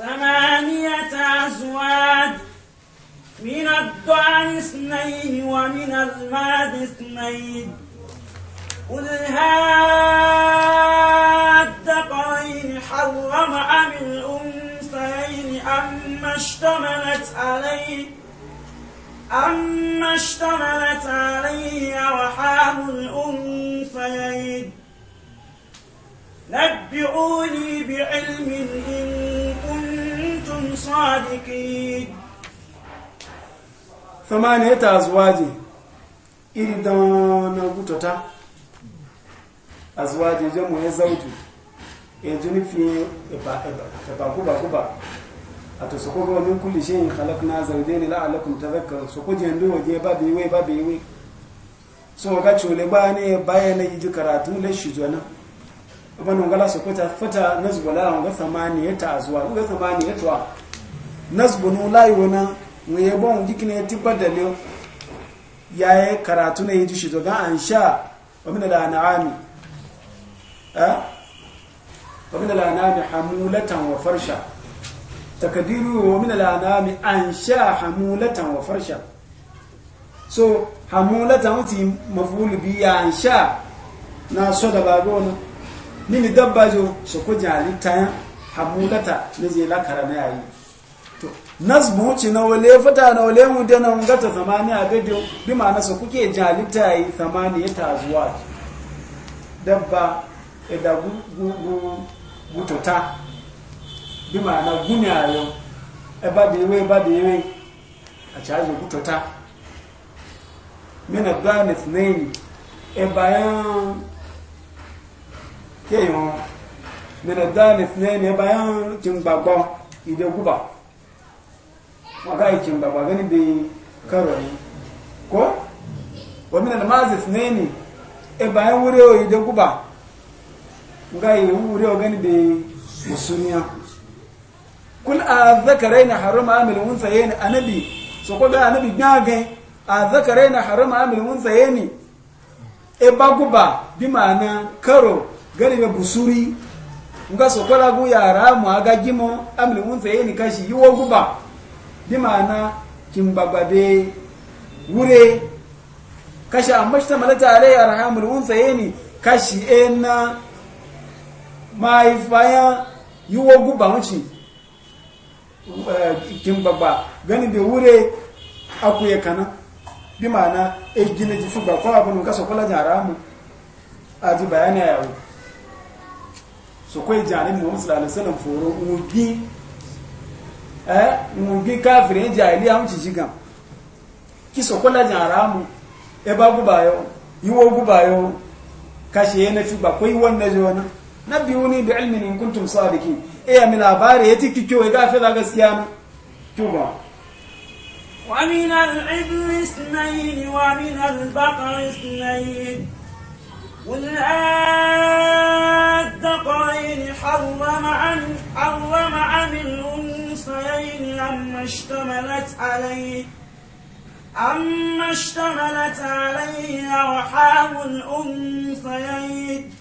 ثمانية أزواج من الضأن اثنين ومن الماد اثنين قل قرين حرم أم الأنثيين أما اشتملت عليه أما اشتملت عليه أرحام الأنثيين نبئوني بعلم إن كنتم صادقين ثمانية أزواج إردان غتتا أزواج جمع زوج يجني في إباكوباكوبا أتسقوا من كل شيء خلقنا زوجين لعلكم تذكرون سقوا جندو جيبا بيوي بابيوي سوى كاتشو لباني بايا نيجي كراتو ليش جوانا abana gala su kuta fata nazbu la nga samani ya ta azuwa. nga samani ya tuwa nazbu no lai wona mu ye bon dikine ti badale yi karatu ne yiji shi ga ansha wa min la anami a wa da anami hamulatan wa farsha takadiru wa min la anami ansha hamulatan wa farsha so hamulatan wuti mafulu bi ansha na so da bagona mini dabba jo su ku jalita ya hamulata na je lakara na yayi to nazmu ci na wale fata na wale mu da na ngata zamani a gadi bi ma'ana su kuke jalita yayi zamani ya tazuwa dabba da gugu gutota bi ma'ana gunyayo e ba da we ba da we a caji gutota mina gane tsinaini e bayan kéèyàn nínú dáàmì fúnẹ́ ní ẹba yán ti ń gbàgbọ́ ìdẹ gúbà wọ́n káyì ti ń gbàgbà gẹ́ níbi kẹrọ yìí kó òmìnà máàzì fúnẹ́ ní ẹba yán wúrẹ́ o ìdẹ gúbà gáyì wúrẹ́ o gẹ́ níbi na harama amil wunsa yẹni anabi so na harama amil wunsa yẹni ẹba e gúbà bí karo garibe busuri nga sokola gu yara mu aga gimo amle munze yeni kashi yiwo guba dimana kimbababe wure kashi amashta malata ale arhamul unsa yeni kashi ena maifaya yiwo guba muci eh, kimbaba gani be wure akuye kana dimana egine jifuba kwa bunu nga sokola jara mu aji bayani ayawo so kwai jani mu sallallahu sanin wasallam foro ugi eh ugi kafire jahili am shiga ki so kola jaramu e ba gubayo yiwo gubayo kashe yana fi ba kwai wanda jona nabiyuni bi ilmin in kuntum sadiqin e ya mi labari yati kikyo ya gafe da gaskiya na tuba ومن العبر اثنين ومن البقر اثنين قل الدقائن حرم عن حرم عن الأنثيين أما اشتملت عليه أما اشتملت عليه أرحام الأنثيين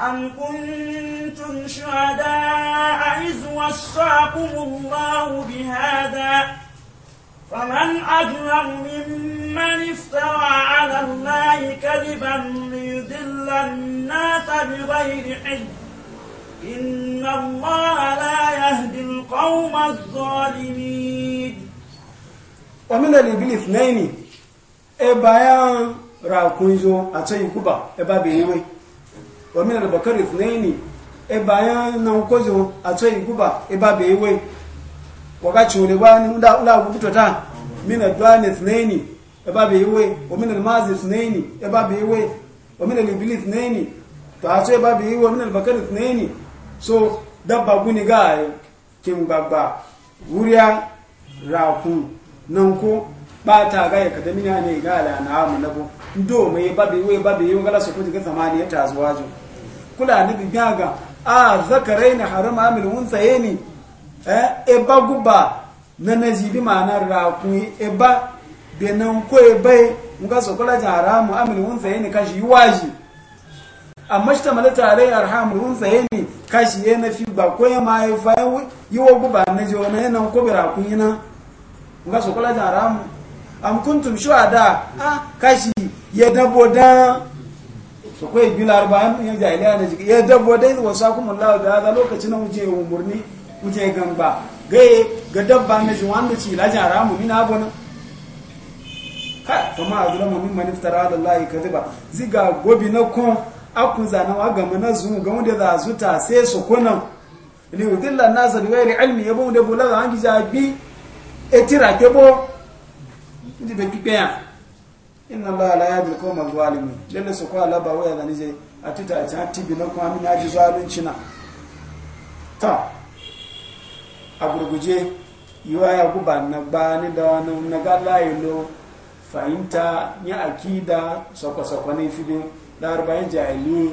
أم كنتم شهداء إذ وصاكم الله بهذا فمن أظلم ممن من افترى على الله كذبا ليذل الناس بغير علم إن الله لا يهدي القوم الظالمين ومن الإبل اثنين إبايان راكونزو أتي كوبا إبا بيوي ومن البكر اثنين إبايان نوكوزو أتي كوبا إبا بيوي wakati ulekwani ula kukutwa ta mina dwane thnaini ba bai yiwe wamin maazi sunaini ya ba bai yiwe wamin alibili sunaini to a so ya ba bai yiwe wamin sunaini so dabba guni ga kin gbagba wuriya raku nan ko ta ga ya kada mina ne ga ala na amu nabo ndo mu ye bai iwe ba iwe ngala so su kuji ga zamani ya tazuwa ju kula ni gaga a zakaraina harama amil unsa yeni eh e ba guba na najibi ma'anar raku e ba benin koye bai nga sokola jin haramu amini unsa yini kashi yi amma shi tamale tare arhamu unsa yini kashi na fi ba koyi ma yi fayin yi wa guba na ji wani yana kobira kun yi nan nga sokola jin haramu am kuntum shuada a kashi ya dabo dan so koye bi an ya jahiliya ne jiki ya dabo dan wasakumullahu da hada lokacin wuce umurni wuce gamba gaye ga dabba ne ji wanda ci lajin haramu mina abu ha to ma azula mu min maniftara ala ka zuba ziga gobi na kon akuza na ga mana zuwa ga wanda za ta sai su kunan ni lan nasa bi ghairi ilmi yabo da bulaga an gija bi e bo inda da be ya inna ba la ya bi qawma adh alimi, lalle su kwa laba waya da nije atita a can tibi na kuma min yaji zalunci na ta a gurguje yiwa ya guba na ba ni da wani na ga layi lo fahimta ya akida sakwa-sakwa na ifidin larabayin jahili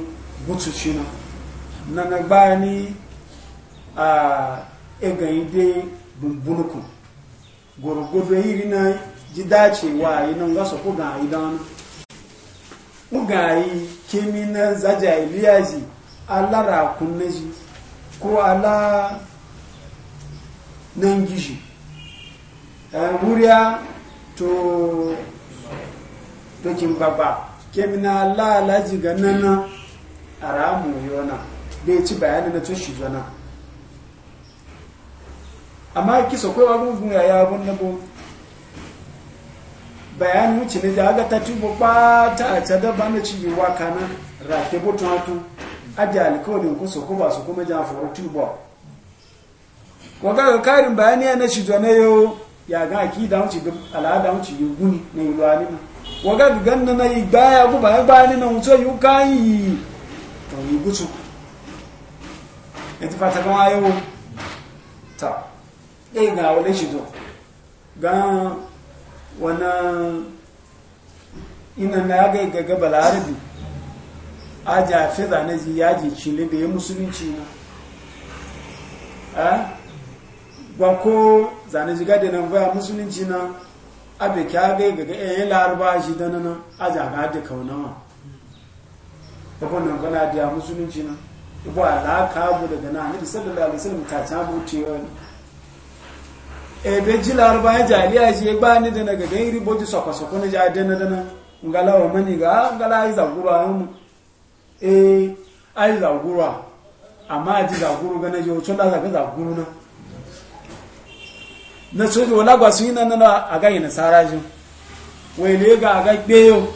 gutuci na na na gbani a egayi dai bumbunukun gwargwado iri na ji dacewa yi nan gasa ko ga idanu ugayi kemi na za jahiliya alara kunne ko ala nan gishi eh, wuriya to tokin baba kemina lalaji ga nan a ramu yona bai ci bayani na tun shugana amma kisa kai wa gungun ya yabon na bo bayani wuce ne da aga ta tubo ba ta a cada ba na ci yiwa kana rake butun hatu adi alkawalin ku su kuma su kuma jan foro tubo ko ga karin bayani na shugana yau ya ga ki da wuce al'ada wuce yi guni na ilu alima waga ganna na yi ya guba ya gbaya ni na wuce yi ka yi to yi gutu ita fata kan ayo ta ɗaya ga wale shi zo ga wani ina na ga gaga balarabi a jafi zane ji yaji cile bai musulunci na eh? ba zane jiga eh, da nan baya musulunci na abe ki aga ga ga eh larba shi da nan aja ga da kaunawa ba ko nan bana da musulunci na ibo alaka bu daga nan annabi sallallahu alaihi wasallam ta ta buti wani e be ji larba ya jaliya shi ba ni da naga ga iri boji sokwa sokwa na ja da nan da nan ngala wa mani ga ngala ai zagura eh, ai zagura amma ji na so da wala su yi nan na aga yin sara jin wai ne ga aga gbeyo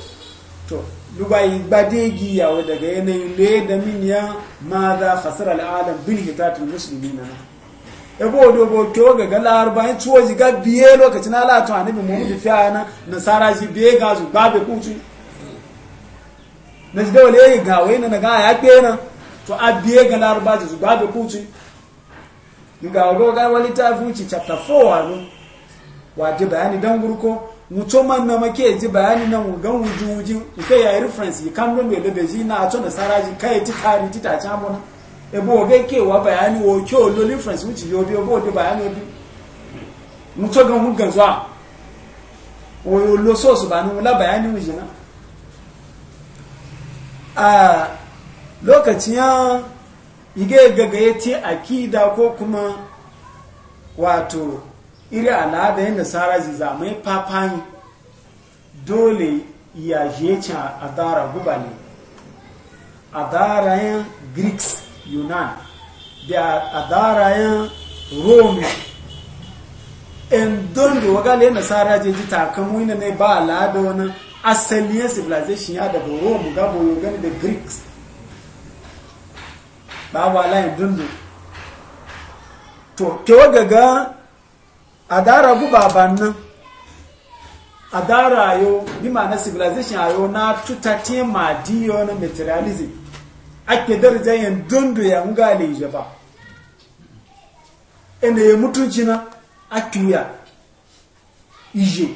to duba yi gbade giya yawo daga yanayin le da miniya ma za khasara al'adam hitatun musulmi na ebo odo bo to ga gala arba'in tuwo ji ga biye lokacin ala to annabi muhammadu fiya na nasara ji biye ga su babe kutu na ji da wale ga wai na ga ya gbe na to a biye ga larba ji su babe kutu nga roga wali tafuci chapter 4 alo waje bayani dan gurko muto man na make ji bayani na gan wuju wuji ke ya reference yi kan don bele beji na ato da saraji kai ti kari ti ta chamo na ebo oge ke wa bayani wo kyo lo reference wuci yo bi obo de bayani obi muto gan hu gan zwa o yo lo so ba nu la bayani wuji na a ah, lokacin ya ige gagaye ce akida ko kuma wato iri al'ada yin nasara zizamai papani dole ya ce adara guba ne adara yin greeks yunan da adara yin rome in don da waga ne nasara je ji takamu ne ba al'ada wani asalin civilization ya daga rome gabo yau gani da greeks ba wa layin dundu to kewa gaga a dara guba ban nan a dara yo bi ma na civilization ayo yo na tutati ma diyo na materialism ake darajar yin dundu ya nga je ba ene ya mutunci na akiya ije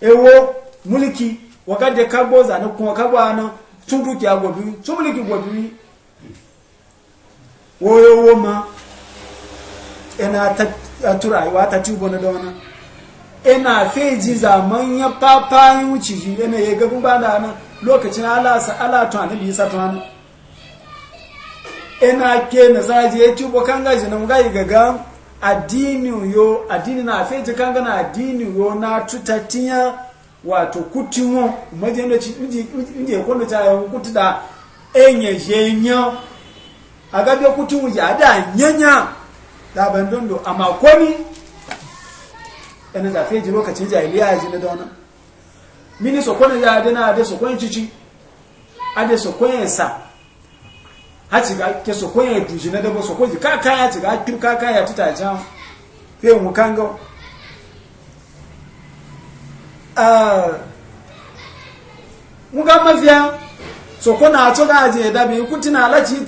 ewo mulki wakadde kagboza na tun kagwana tunduki tun tumuliki gwobi woyo woma ina ta tura turayuwa ta tubo na dauna ina feji zaman ya papa yi wuce shi ina ya gabu ba da nan lokacin alasa alatu a nabi isa tuwa ina ke na zaji ya tubo kan gaji na mugayi gaga addini yo addini na feji kan gana addini yo na tutatiya wato kutinwo majiyar da ci inje kwanu ta yawon kutu da enyeje enyejenyo agabe kuti mu ya da nyanya da ban dondo amma komi ene da feji lokacin jahiliya ji na dona mini so kone ya de na de so kone cici ade so kone sa hati ga ke so kone duji na dabo so koji kaka ya ti ga tu kaka ya tuta jam fe mu kango ah mu ga mafiya so kona to ga je da bi kuti na alaci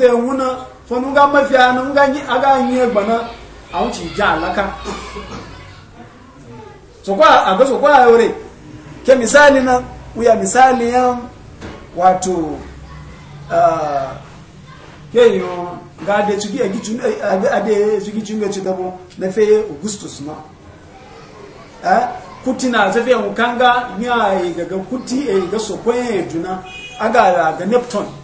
fonu ga mafi na nga yi aga yi egbana a ja alaka aga sokwa a ke misali na uya misali yan wato a ga ade tsugi a gicin ade dabo na fe augustus ma kuti na zafi yan kanga nya ga kuti ga sokwa ya duna aga ga neptune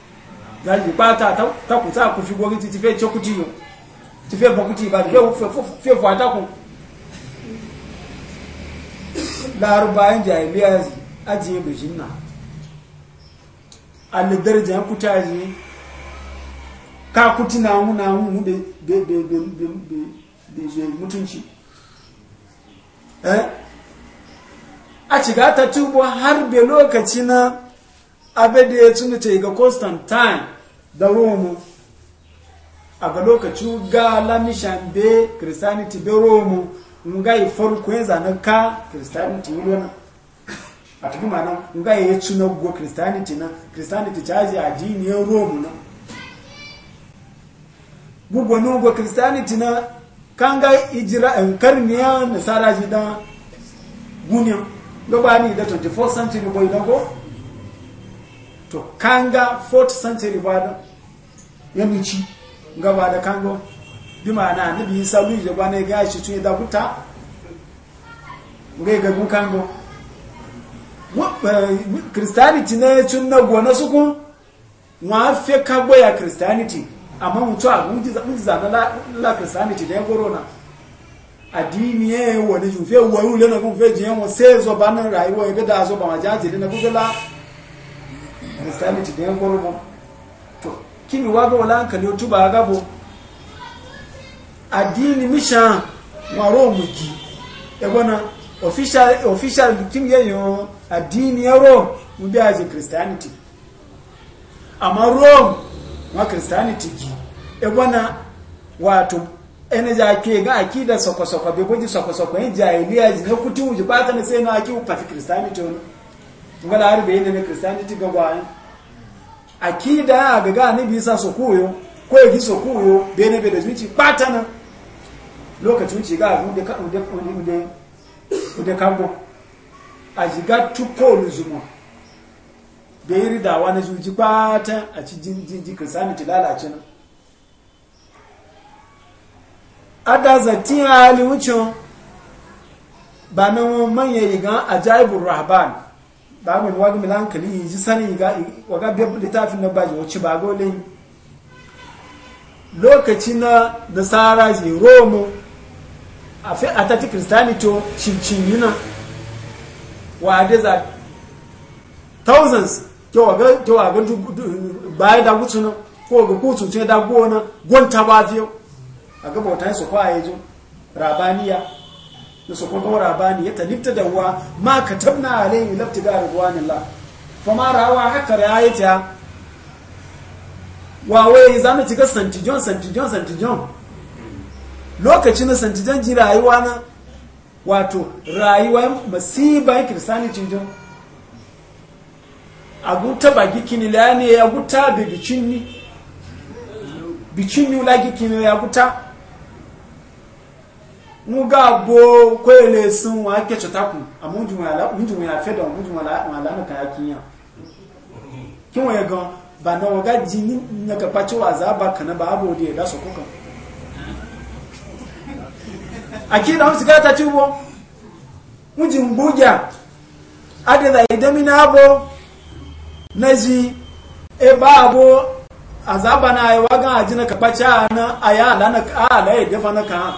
láti pátá takùtà kò fi gorí ti fẹ́ chọ́kútì yìí ti fẹ́ bọ̀kútì ìbá fẹ́ fọ́ àtàkùn lárúbá ẹ̀jẹ̀ àìlé ajiye bèjì náà alẹ́dẹ́rẹ́jẹ̀ ẹ̀kútà yìí kakuti na hun na hun be be be be be be be mutunci eh a ciga ta tubo har be lokaci na abin da ya tuni ce ga constantine da romu a ga lokaci ga lamishan be christianity be rome nga yi farko ya zanen ka christianity yi lona a tafi mana nga ya tuni go christianity na christianity ta ji addini ya rome na gbogbo ni go christianity na kan ga ijira in karniya nasara ji dan guniya gaba ni da 24th century boy dago to kanga 4th century ba da ya mici gaba da kango bi ma'ana nabi isa luji da bane ga shi tun da buta ga ga gun kango eh, christianity ne tun na gona su kun wa fe kagbo ya christianity amma mutu a mun ji la christianity da ya corona addini ya yi wani jufe wa yi wule na kun fe jiyan wa sai zo ba nan rayuwa ya ga da zo ba ma jaji na gugula christianity da yankoro mu to kimi waga wala hankali otu ba gabo adini mishan waro mugi egwana official official kimi yayo addini ya rome mu bi aje christianity amma rome ma christianity gi egwana wato ene ja ke ga akida sokosoko bebo ji sokosoko en jahiliya ji ne kutu ji ba ta ne sai na aki upati christianity ne ngala harbe yin ne christianity ga gwayin eh? akida a gaga ni bisa so kuyo ko yi so kuyo be ne be da zuci patana lokacin ci ga mu da kan da mu da mu da kango a jiga tukolu zuma da yi da na zuci patan a ci jinjin christianity lalace nan ada zatin hali wucin ba na manyan rigan ajaibun rahban ba mu wa mi hankali yi ji sani ga wa ga littafin na baji wacce ba gole lokaci na da sara ji romu a fi a tati kristanito cincin yina wa da za thousands ke wa ga wa baya da gutu na ko ga kutu ce da gona gwanta ba fiyo a ga bautan su kwa yajo rabaniya da su kuma ni ya talibta da wa ma ka katabna alayhi labtiga la fa ma rawa haka rayata wawe zamu ci ga ya john santi john santi john lokacin na santi john ji rayuwa na wato rayuwa masiba ni cijon guta ba gikini la ne ya guta be bicinni bicinni la gikini ya guta muga bo kwele sun wa ke chotaku amunju wala munju wala fedo munju wala wala no kaya kinya kin wa ga ba no ga jini na ka pacho ba kana ba abo de da kan. Aki sokoka akida hu sigata tubo munji mbuja ade da idamina abo naji e ba abo azaba na ayi waga ajina ka pacha na aya lana ala e defa na ka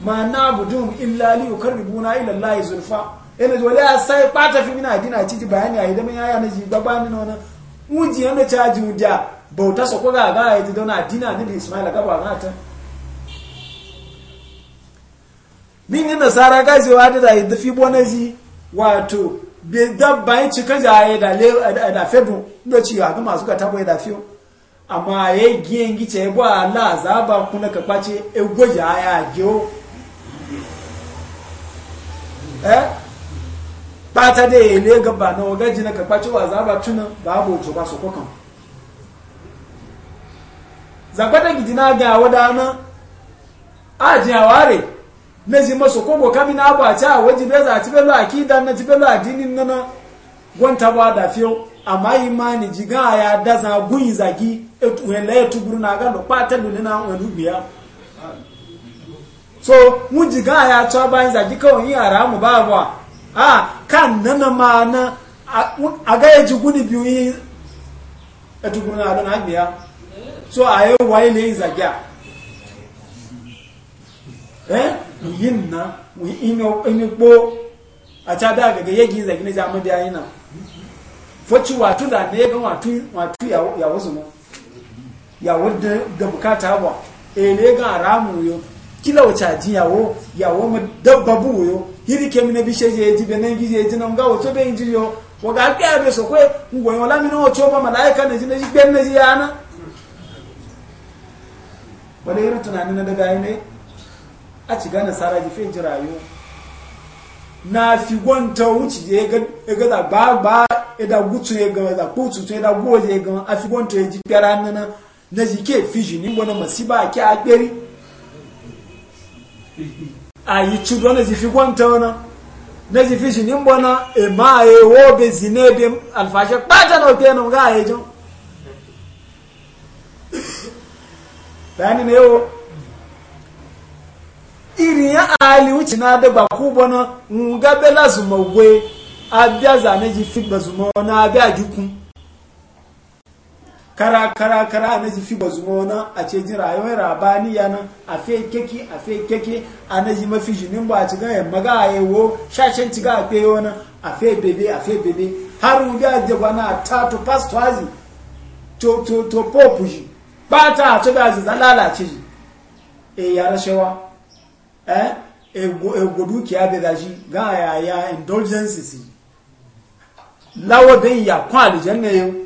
ma na budun illa li ukarribuna ila allahi zulfa ene jole asai pata fi mina dina titi bayani ai da mun yaya na ji babani nona uji yana chaji uja bauta so ko ga ga ai dona dina ni ismaila ga ba ngata min yana sara gaji wa da da dafi bonaji wato be dabba yin cika jaye da le da febu ndo ci ga masu ka tabo da fiyo amma yayi giyen gice ba Allah azaba kuna ka kwace egoja ya giyo. eh bata da ele gaba na wagaji na kakpaci wa zaba tuna babu otu ba su kwakan zagbata gidi na ga wadana aji aware meji masu kogo kami na abu a ci a waji beza a cibelo a kidan na cibelo a dinin nana gwanta ba da fiyo amma yi ma ni jiga ya daza gunyi zagi wela ya tuburu na gano patan lulina wani biya so wuji ga ya ta bayan zagi kawai yi ramu ba ba a kan nana ma na a ga ya ji guni biyu yi a tukuru na adon haɗiya so a yi waye ne zagi a eh yin na imi kpo a ta da gaga yagi zagi na jami da yi na foci watu da ne ga watu watu ya wasu ma ya wadda bukata ba ele ga ramu yau kila wacha jiyawo yawo mu dabba buyo hiri kemi na bishe je ji benen gi je ji na nga wato be inji yo wa ga ka be so kwe ngwo yo la mi no wato ba malaika ne ji ne ji ben ne ji yana wala irin tunani na daga ne a ci gane sara ji fe ji yo na fi gwanta wuce je ga da ba ba ida gutu ya ga da kutu to da goje ga a fi gwanta ya ji pera nana na ji ke fiji ni bona masiba ke a kperi ayi chudwa nezifika mtona nezifishi mbona emaye wobe zinebe alfasha kpata na oteno nga jo tani neyo iri ya ali uchi na adegba kubona ngabela zuma ugwe abia zane jifigba zuma ona abia jukun kara kara kara na ji fi bazumo na a ce ji rayuwar rabani yana a fe keke a fe keke a na ji mafi jinin ba a ci gaya maga a yi wo shashen ci ga a fe yana a fe bebe a fe bebe har rubi a jaba na ta to pasto to to to popu ji ba ta a to gazi za lalace ji e ya rashewa eh e, e godu e ki da ji ga ya ya indulgences lawa ben ya kwa aljanna yau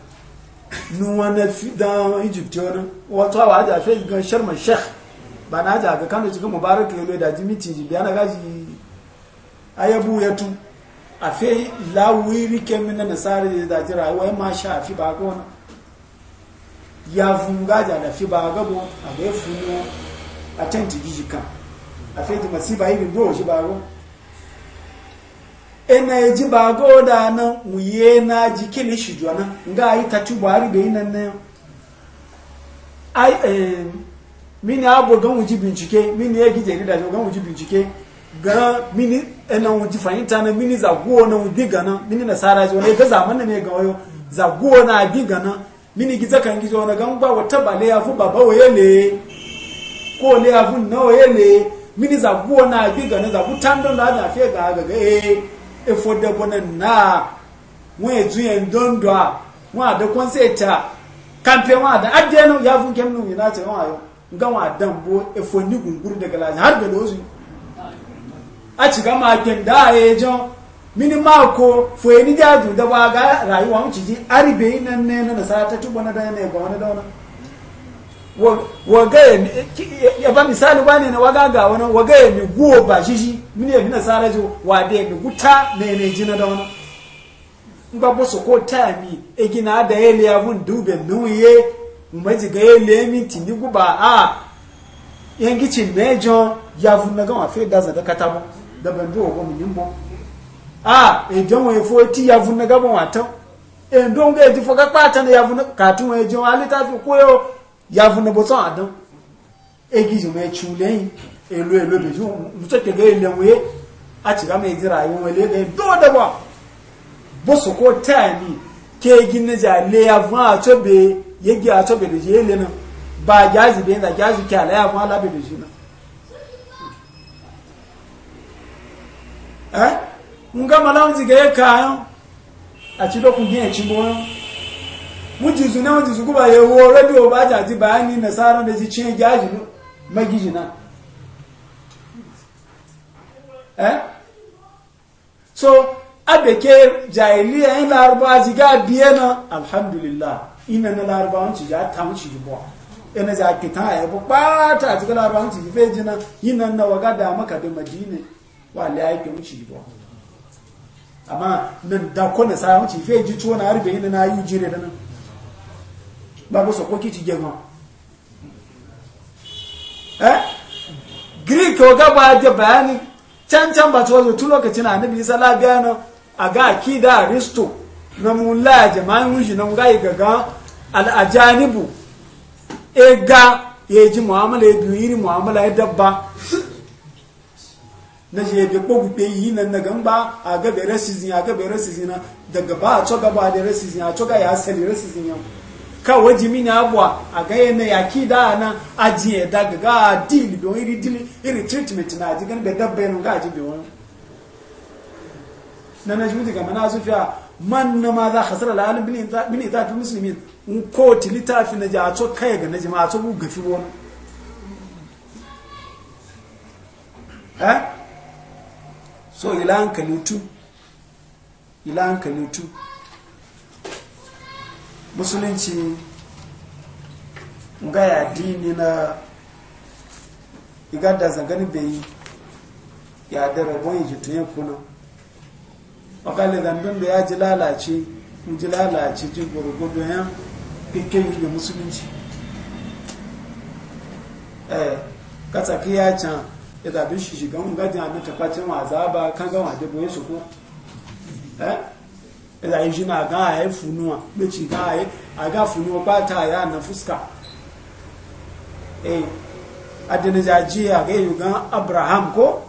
nuwa na fi dan egypt wani wato awa aja fi gan sharma sheikh ba na aja ga kano cikin mubarak yalo da jimi tiji biya na gaji ayabu ya tu a fi lawiri kemin na nasari da ji rayuwa ma sha fi ba ga wani ya funga ja da fi ba ga bo a bai ya funo a can ti gijika a fi ji masiba yi bin shi ba ga ene ji ba go da na wuye na ji kili shi jona nga yi ta ci buhari bai nan na ai eh mini abo gan wuji bincike mini ya gije ni da gan wuji bincike ga mini ena wuji fahimta na mini za go na wuji gana mini na sara jo ne ga zaman ne ga wayo za go na bi na. mini giza kan gizo na gan ba wata bale ya fu baba waye ne ko le ya fu na waye ne mini za go na bi na, za ku tandon da da fe ga ga eh efo debo naa na wọn etu yẹn ndondo a wọn ade kọnsẹti a kampe wọn ada adiẹ no yavu nkem no nyinaa kyerɛ wọn ayɔ nga wọn adan bo efo ni gunguru de galaasi har bɛ lɔɔsu akyi kama agyenda a yɛ gyɔn e mini maako fo eni de adu debo aga rayuwa wọn kyikyi aribe yi na nne na nasara saa tatu na dan na egwa wọn na dan na. waga eh, ya ba misali ba ne na waga ga wani waga ya mi guwa ba shi mini ya nasara jo wa da ya guta na yana jina da wani in ba bosu ko ta mi egi na da ya liya bun dube nuye maji ga ya liya mi tini guba a Yan ci mejo ya fun na gama fe da katabo, kata bo da ban duwa gomi nimbo a ejon wa e efo e ti ya fun na gaba watan endon ga eji foga kpata na ya fun na katun ejon alita fi koyo yavu nebo tsan adan egi zume chulen elo elo be ju muto kege ile we ati ga me dira yi won ele be do de wa bo so ko tani ke egi ne ja le ya yavu ato be yegi ato be je ele na ba jazi be na jazi ke ala yavu ala be be ju na eh nga mala unzi ge kayo ati do kun ye chibo mujizu na mujizu kuba yewo radio ba ta ji bayani na saran da ji cin gaji magiji na eh so abeke jahiliya in larba ji ga biye na alhamdulillah ina na larba wanci ja ta ji bo ina za ki ta yabo ba ta ji ga larba ji fe jina ina na waga da maka da madina wa la yake ji bo amma nan da ko na sa wanci fe ji tuwa na harbe ina na yi jire da nan gbàgbó sọ pé kí ti jẹun ẹ́ greek ogagba jẹ bayani cancan ba ci wajen tun lokacin a nabi isa labiya na a ga akida aristo na mula jama'in wuji na mugayi gaga al'ajanibu e ga ya ji mu'amala ya biyu iri mu'amala ya dabba na je bi ko gbe yi nan na gamba a ga bere season a ga bere season daga ba a to gaba da season a kawai jimi mini abuwa a gaya na yaki da ana ajiye daga ga dili don iri dili iri treatment na aji da dabba yanon ga aji wani na na shi kama na zufiya man na ma za ka da halin bini ta fi musulmi in kowace littafi na ji a to kai ga na ji ma a to bu gafi wani eh so ila hankali tu ila hankali tu musulunci nga ya dini na igada zangani bai ya da rabon yi jituyen kuna wakali zambin da ya ji lalace in ji lalace ji gwargwado yan fikin yi da musulunci eh katsaki ya can ya zabi shi shiga ngajin a nan tafacin wa zaba kan gawa da boye su ko e? eh ila yi jina ga ya yi funuwa bici ga ya a ga funuwa ba ta ya na fuska eh adana jajiya ga yi ga abraham ko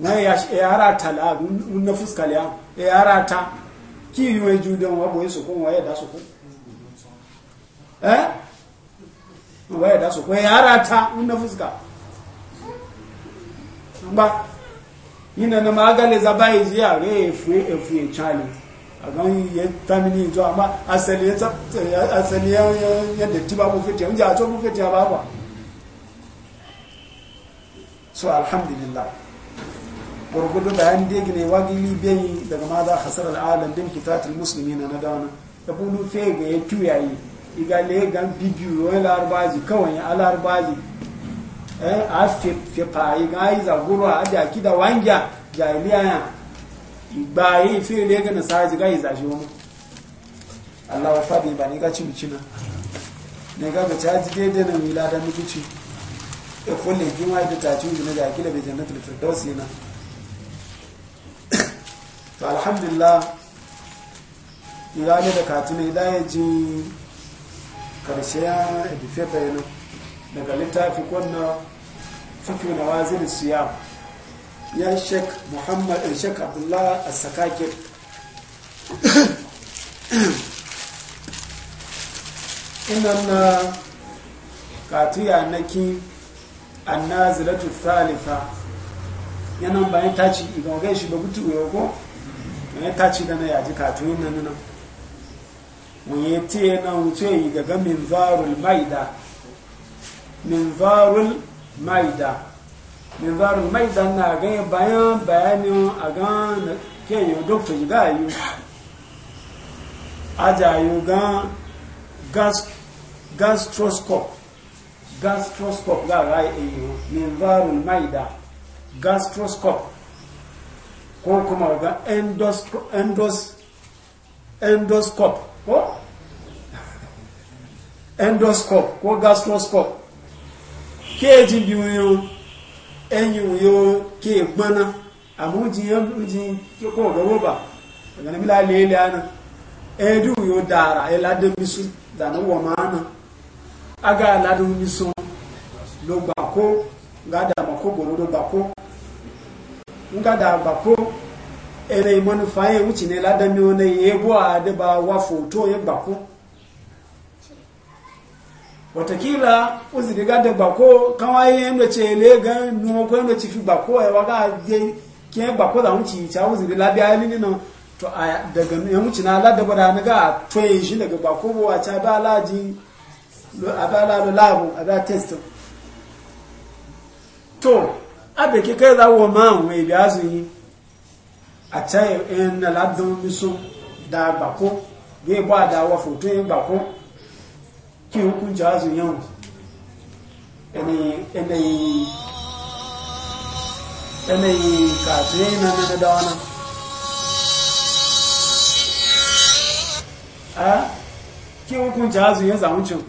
na ya yara ta la na fuska ya yara ta ki yi mai e judan wa boye su kun waye da su kun eh waye da su kun yara ta na fuska ba yina na magale zabai ziya ga efu efu e challenge a gan ya tamini to amma asali ya asali ya yadda ti babu fiti yanzu a tsohon fiti ya babu so alhamdulillah gurgudu da yan dege ne wagili bai daga ma za a hasar al'adar din kitatul musulmi na na dana da bulu fe ga ya tuyayi igale gan bibiyu wani larabaji kawai ya alarbaji eh, a fifa yi ga yi zaguru a da kida wanja jahiliya ba yi fil ya ga nasaji ga yi zaji wani Allah wa fadi ba ni ga ci bici na ne ga ga caji daidai na wila da mutuci e kulle jima da ta ci na ga kila bai jannatul firdaus na to alhamdulillah iyalai da katina da ji karshe ya edife bayanan daga littafi kunna, fikiyo na wazin siyam ya shek muhammad ya eh, shek a asakakir inan na katuya na ki annazilatu thalitha yanan bayan taci idan ga shi ba gutu yau ko bayan taci da na ji katuyin nan nan mun yi tiye na wuce yi daga minzarul maida minzarul maida mibaru mai zanna ga ya bayan bayanin a gan ke yi don fi ga Aja yi ga gas, gastroscope gastroscope ga ga yi mibaru mai da gastroscope ko kuma ga endos endos endoscope ko endoscope ko gastroscope ke keji biyu enyi yo ke gbana amuji yoji ko gogo ba ngana bila lele ana edu yo dara elade misu dana wo mana aga alade misu lo gba ko nga da mako gboro lo gba ko nga da gba ko ere imonu faye wuci ne lade mi one yebo ade ba wa foto ye gba watakila uzidi gade gbako kawai yendo chele ga nuwo ko yendo chifi gbako ya waga je ke gbako da hunci cha uzidi labi ali ni no to a daga ya muci na la daga da ga to yin shi daga gbako bo a ba alaji abala lo labu ada test to abe ke kai za wo ma we bi azu yi a cha en e na labdo miso da gbako ge ba da wa foto yin e gbako ki hukunci azun yau yanayi kafirai na na da wani a ki hukunci azun ya zamuncin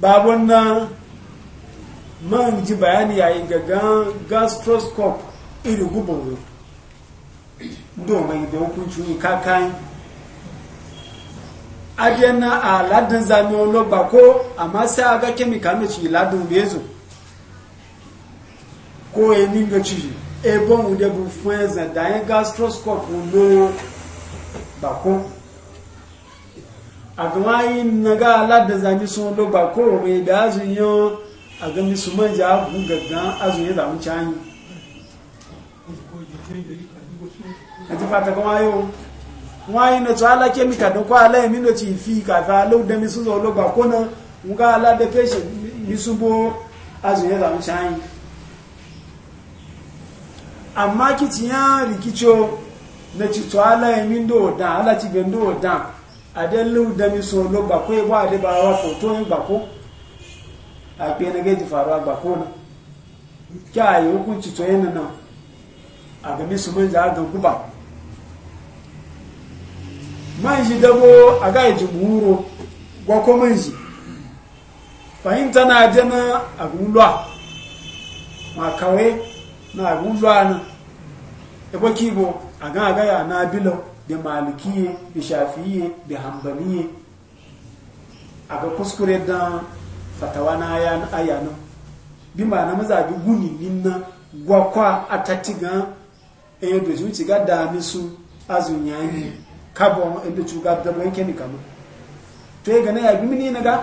babon na man ji bayani yayin gagan gastroscope iri gubon domin da hukuncin kakan adiyana a ladin zami ologba ko amma sai a ga kemika mace ladin bezo ko e ninga ci ebon wude bu fun eza dayan gastroscope lo bako agama yi naga ladin zami sun ologba bako mai da azun yi agami su manja gugaggan azun yi zamu canyi a ti fata kama yau wọ́n iná tó alákẹ́míkà tó kọ́ aláìmí ló ti fi kàfà alóòdẹ́mí súnzọ olóògbà kóná ń ká aládẹ́fẹ́ṣẹ̀ yíṣúgbó azùnyẹ́ làwọn ṣáyìn àmá kí ti yán rikícho na ti tó aláìmí lóòdán aláti-gbẹ̀ lóòdán adẹ́lóòdẹ́mí sún olóògbà kó ẹgbọ́ adébáwá kò tó ń gbàkó àgbẹ̀nagẹ́jì fàrọ̀ àgbàkó náà kí ó manji dabo a gaji buru gwakwa manji fahimta na je na agulwa ma kawai na agulwa na ebo kibo a ga aga na bilo da malikiye da shafiye da hambaliye a ga kuskure da fatawa na aya bi ma na mazabi guni ninna gwakwa a tattiga ɗaya da zuci ga dami su azun yayi kabon inda cuga da ruwan kemi kamun to ya gane ya bi mini na ga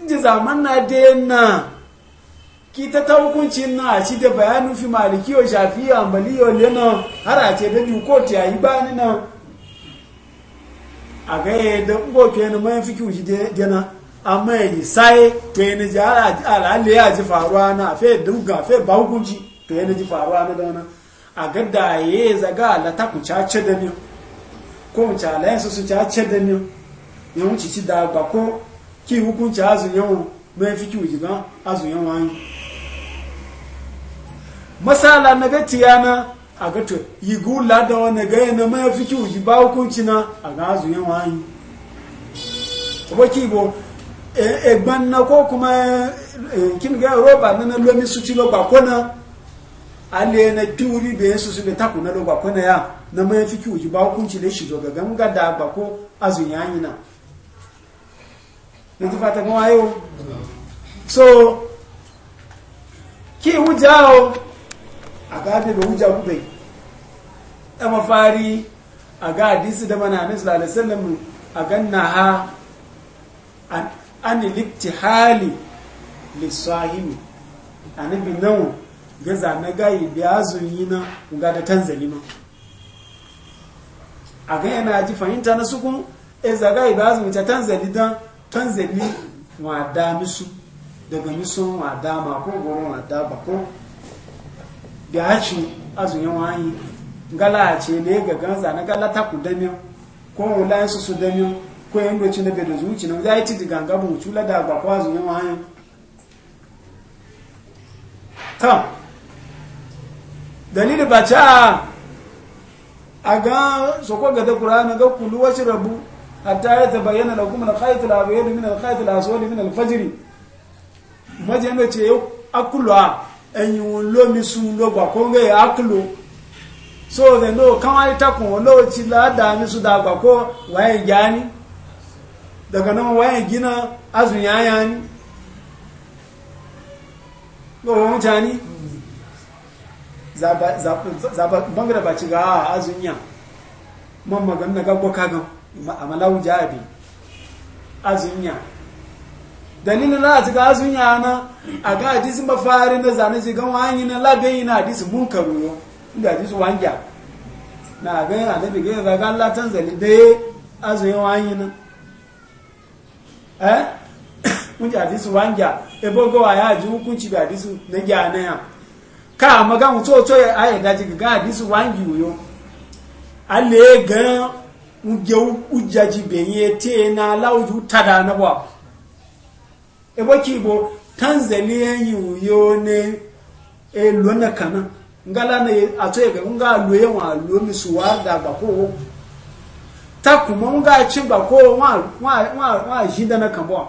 inji zaman na dena ki ta ta hukuncin na a ci da bayanin fi maliki o shafi a ambali o lena har a ce da kotu ya yi ba ni na a ga ya da ngo ke ni mai fi da na. amma ya yi sai to ya ni ji al'alai ya ji faruwa na a fe duga fe ba hukunci to ya ni ji faruwa na dana a ga gadda ya yi zaga la ta kucace da ni ko wuce alayin su su ci a ce da ni ya wuce da agba kí ki hukunci azu yawon mai fi kiwu jigan azu yawon anyi masala na ga tiyana a ga to yi gula da wani ga yana mai fi kiwu ji ba hukunci na a ga azu yawon anyi waki bo egban na ko kuma kin ga roba na na lomi su ci lo ba kona ale na kiwuri yesu su taku na lo kona ya na mai fiki uji ba hukunci da shi zoga ganga da ba ko azun yayi na tufa ta kuma yau so ki wujawo a gabe da wuja gubai ta mafari a ga hadisi da mana nabi sallallahu alaihi wasallam a ganna ha an hali lisahimi anabi nan gaza na gayi biya na ga da tanzalima a ga yana ji fahimta na sukun e zaga ba su mace tanzali dan tanzali wa da misu daga misun wa da ma ko goro wa da ba ko da haci azuyin wani gala ce ne ga ganza na gala ta ku dami ko wulan su su dami ko yin doci na bedo zuci na zai ci diga ga bu chula da ba ko azuyin wani ta dalilin ba ta a ga soko ga da qur'ana ga kulu washrabu hatta yatabayyana lakum al-khayt al-abyad min al-khayt al-aswad min al-fajr majama ce akulu a ẹ̀yìn lómi sun su lo kó ń ya àkìlò so rẹ̀ ló káwọn ìtàkùn wọn ló ti ládàá ni su da kó wáyé ìjá ní daga náà wáyé gíná azùnyáyá ní lọ́wọ́n ta ní bangare ba ci ga a azunya man magana ga boka ga amalawu jabi azunya dalilin na a ga azunya na a ga hadisi mafari na zane ji gan wani na labe na hadisi munkaru yo inda hadisi wangya na ga yana da bigin raga Allah tanzali dai azunya wani na eh (coughs) mun ji hadisi wangya ebogo wa ya ji hukunci da hadisi na gyana ya ka mọ́ gáhùn tó tó ayẹ̀dájì gẹ̀gá àdísù wá ń yìí a lè gan ujẹ ujajì bẹ̀yìn tí ẹ na aláwùjú tàdà náwà ẹgbẹ́ kí ibo na ẹ̀yìn òyó ní na ato ẹgbẹ́ nga lo yẹ wọn lo mi sùn wá dàgbà kó o takùn mọ́ nga àti gbà kó o wọn àyí dáná kàn bọ́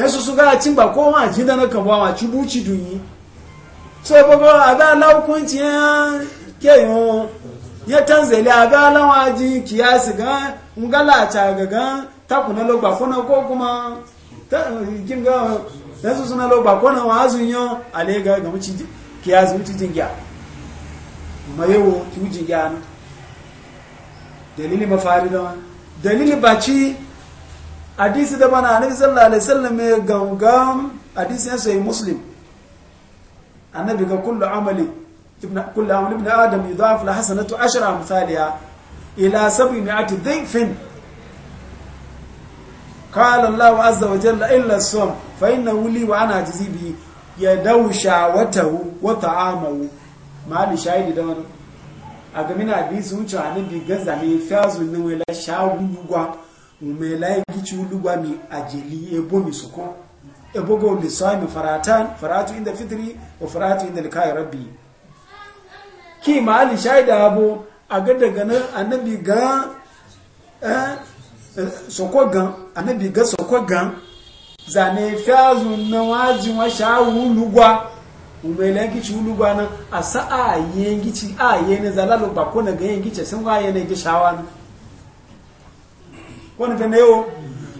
ẹ̀ soso nga àti gbà kó so gbogbo abẹ́ aláwọ̀kún ti ń kéyìn yẹ́ tanzania abẹ́ aláwọ̀ ajì kìíyàsì gan ngala àtàgà gan takùnà ló gbà fọ́nà kó kuma jíngà ló gbà fọ́nà wọ́n á zùn yán alẹ́ gàgà mú kìíyàsì mú ti jìngà mayewo dalili mafari dalili baci hadisi da bana anabi sallallahu alaihi wasallam gangan gangan hadisi ya sai muslim annabi ga kullu amali ibn kullu amali ibn adam yudaf la hasanatu ashra amsalha ila 700 dhifin qala allahu azza wa jalla illa as-sum fa innahu li wa ana jazibi bi yadau shawatahu wa ta'amahu mali shahidi da wani a game na bi su wuce annabi gaza ne fazu ne wela shawu lugwa umela gici lugwa mai ajili ebo mi sokon ebogo lisami faratan faratu inda fitri wa faratu inda likai rabbi ki mali shaida abu a ga daga nan annabi ga eh soko gan annabi ga soko gan zane fiazu na waji wa shawu lugwa umele ngi chu lugwa na asa a yengi ci a yene zala bako na ga yengi ce sun ga yene gi shawan ko ne ne yo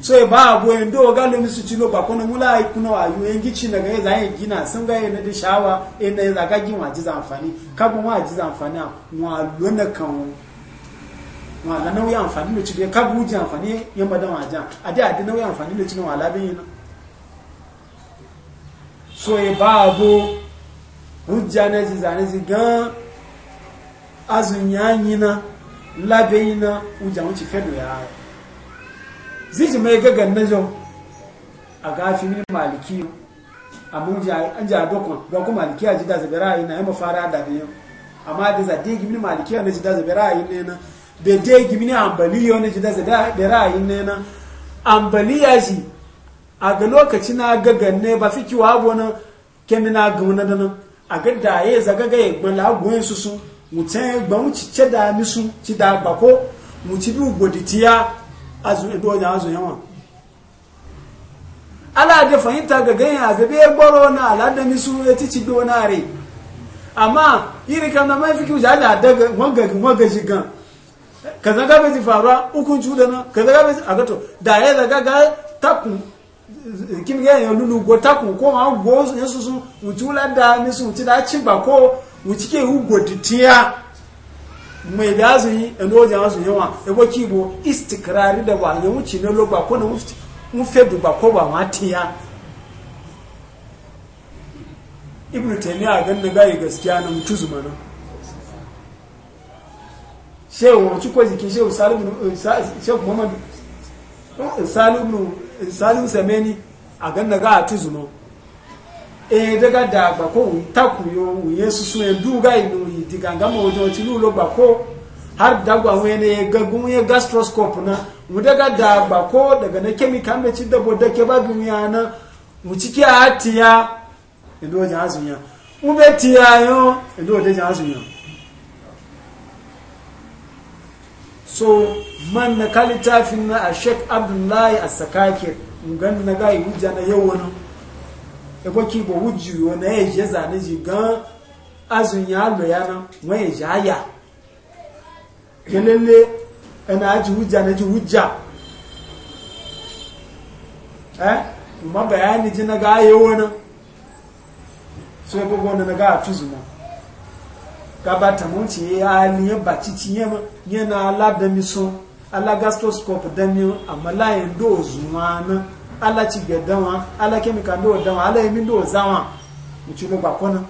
so ba abu en do ga lo su ci ba kono mula ai kuno ayu en gi ci na ga za en gina sun ga en da shawa inda da za ga gi wa za amfani ka bu wa za amfani a lo na kan wa na nauyi amfani lo ci be ka bu ji amfani yan ba a, wa a ade ade nauyi amfani da ci na wa la bin so e ba abu hujja na ji za ji gan azun yanyi na labe yi na hujja wuce fedo ya ziji mai gagan na jau a gafi mini maliki amma an ji a dokon dokon maliki a ji da zabi ra'ayi na yamma fara da biyu amma da za dai gimini maliki a ji da zabi ra'ayi ne na da dai gimini yau na ji da zabi ra'ayi ne na ya ji a ga lokaci na gagan ne ba fiki wa abu na kemina ga wani da nan a ga da ya zaga ga yagbon lagoyin su su mutum gbon ci ce da nisu ci da bako mu ci bi ugboditiya azuɗo da azu yawa ala da fahimta ga ganyen bebe gboro na alada misu ya ti ci do na re amma iri kan na mafi kyau jaja daga magaji gan ka zaga bai faruwa ukun cuda na ka zaga bai a da ya zaga ga takun kim ga yan lulu go takun ko ma go yasu su mutula da su ci da ci ba ko mu ke hu go titiya mai da su yi a wajen wasu yawa ebo kibo istikirari da ba ya wuce na lo ko na mufe duba ko ba ma tiya ibn taymiya gan da gayi gaskiya na mutu zuma nan shehu mutu kwa jikin shehu Salimu eh, shehu mamadu eh, salimu eh, salimu sameni a ganin ga a zuma E daga da ba ko takuyo yesu su en duga inu diganga ma wajen wacin lulo ba ko har dagwa wani ga gagun ye gastroscope na mu daga da ba ko daga na kemika mai ci dabo da ke ba duniya na mu ciki a hatiya ido wajen hasunya mu bai tiya yau ido wajen hasunya so man na kalitafin na a sheik abdullahi a sakakir ngan na ga yi hujja yau wani ya kwaki ba hujji wani ya yi zane ji gan azun ya lo ya nan wani e ya Kelele ana aji hujja na ji hujja eh ma bayani ji na ga yi nan so ya e bugu wanda na ga tuzu nan gabata mun ce ya ni ba baci ci ya ma yana ala da mi so ala gastroscope da mi amma la yin e do zuwa nan ala ci gadan wa ala chemical do dan wa ala yi min do zawa mu ci lo ba kona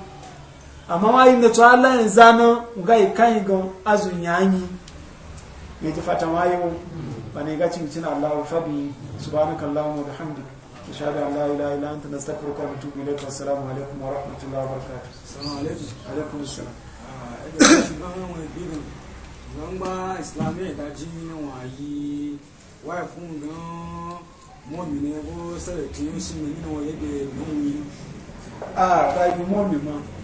amma wa yi nato Allah in zana ga yi kan yi gan azun yanyi mai ta fata ma yi ba ne ga cincin cin Allah fabi subhanaka Allahumma wa bihamdika wa an la ilaha illa anta nastaghfiruka wa natubu ilayka assalamu alaikum wa rahmatullahi wa alaikum alaikum assalam ah, wọ́n gbá ìsìlámì ìdájí níwọ̀n ayé wáyé gan a ibi mọ́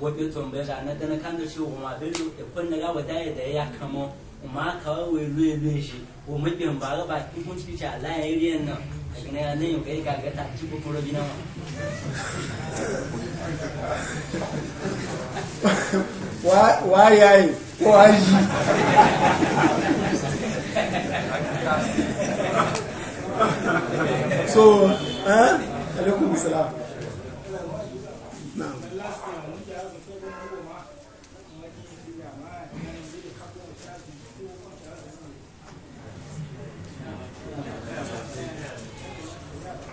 wapetombeza anatana kanda si uma belu ekwenda ga wadaya da da ya kamo uma ka we lwe lweji o mbe mbaga ba ki kun ci cha la area na ne ne yo kai ka ga ta ci ko na ma. wa wa yi ko aji so eh alaikum salam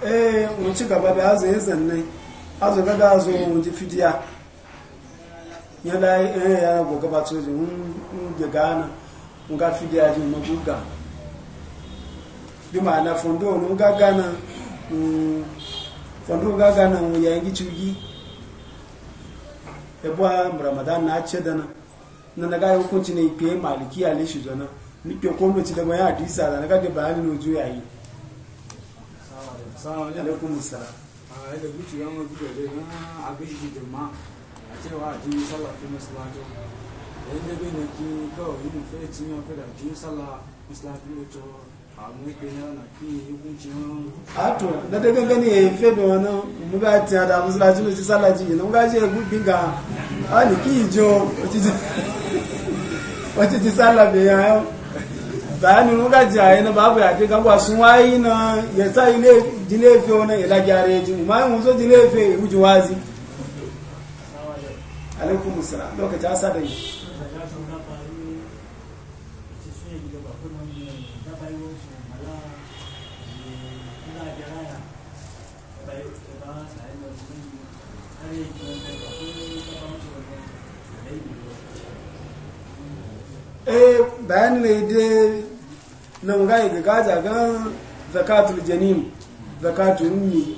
Ee, eh, mun ci gaba azụ eze yanzan azụ azụ azụ da azu mun ji fidiya ya da eh ya go gaba to ji mun ga ga ji ma na fondo ga gana fondo ga gana mun ya ngi ciugi e bo ramadan na ce da na na ga hukunci na ikpe malikiya le shi zona mi na ga bayani alaikum salam a da guci ya mai gudu da na abin shi ya yi da yi wani muga da masalatu da ci sallah yi na muga ya eh, gudu ga a ni jo wacce ci sallah bai yayo bayani muka na babu ya sun na ya sa ile jilefe wani ila gyara yaji mu mai mun so jilefe wuji wazi alaikum assalam lokaci asa da yi eh bayani na mu gaye gaja gan zakatul janim zakatul ummi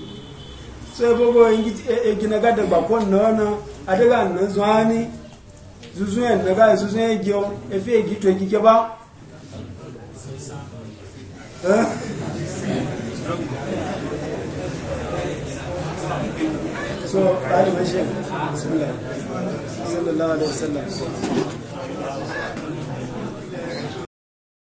sai bogo ingi e, e gina gada ba kon nono adaga nan zuani zuzuyen na gaye zuzuyen gyo e fe gito gike ba eh? so ali mashin bismillah sallallahu alaihi wasallam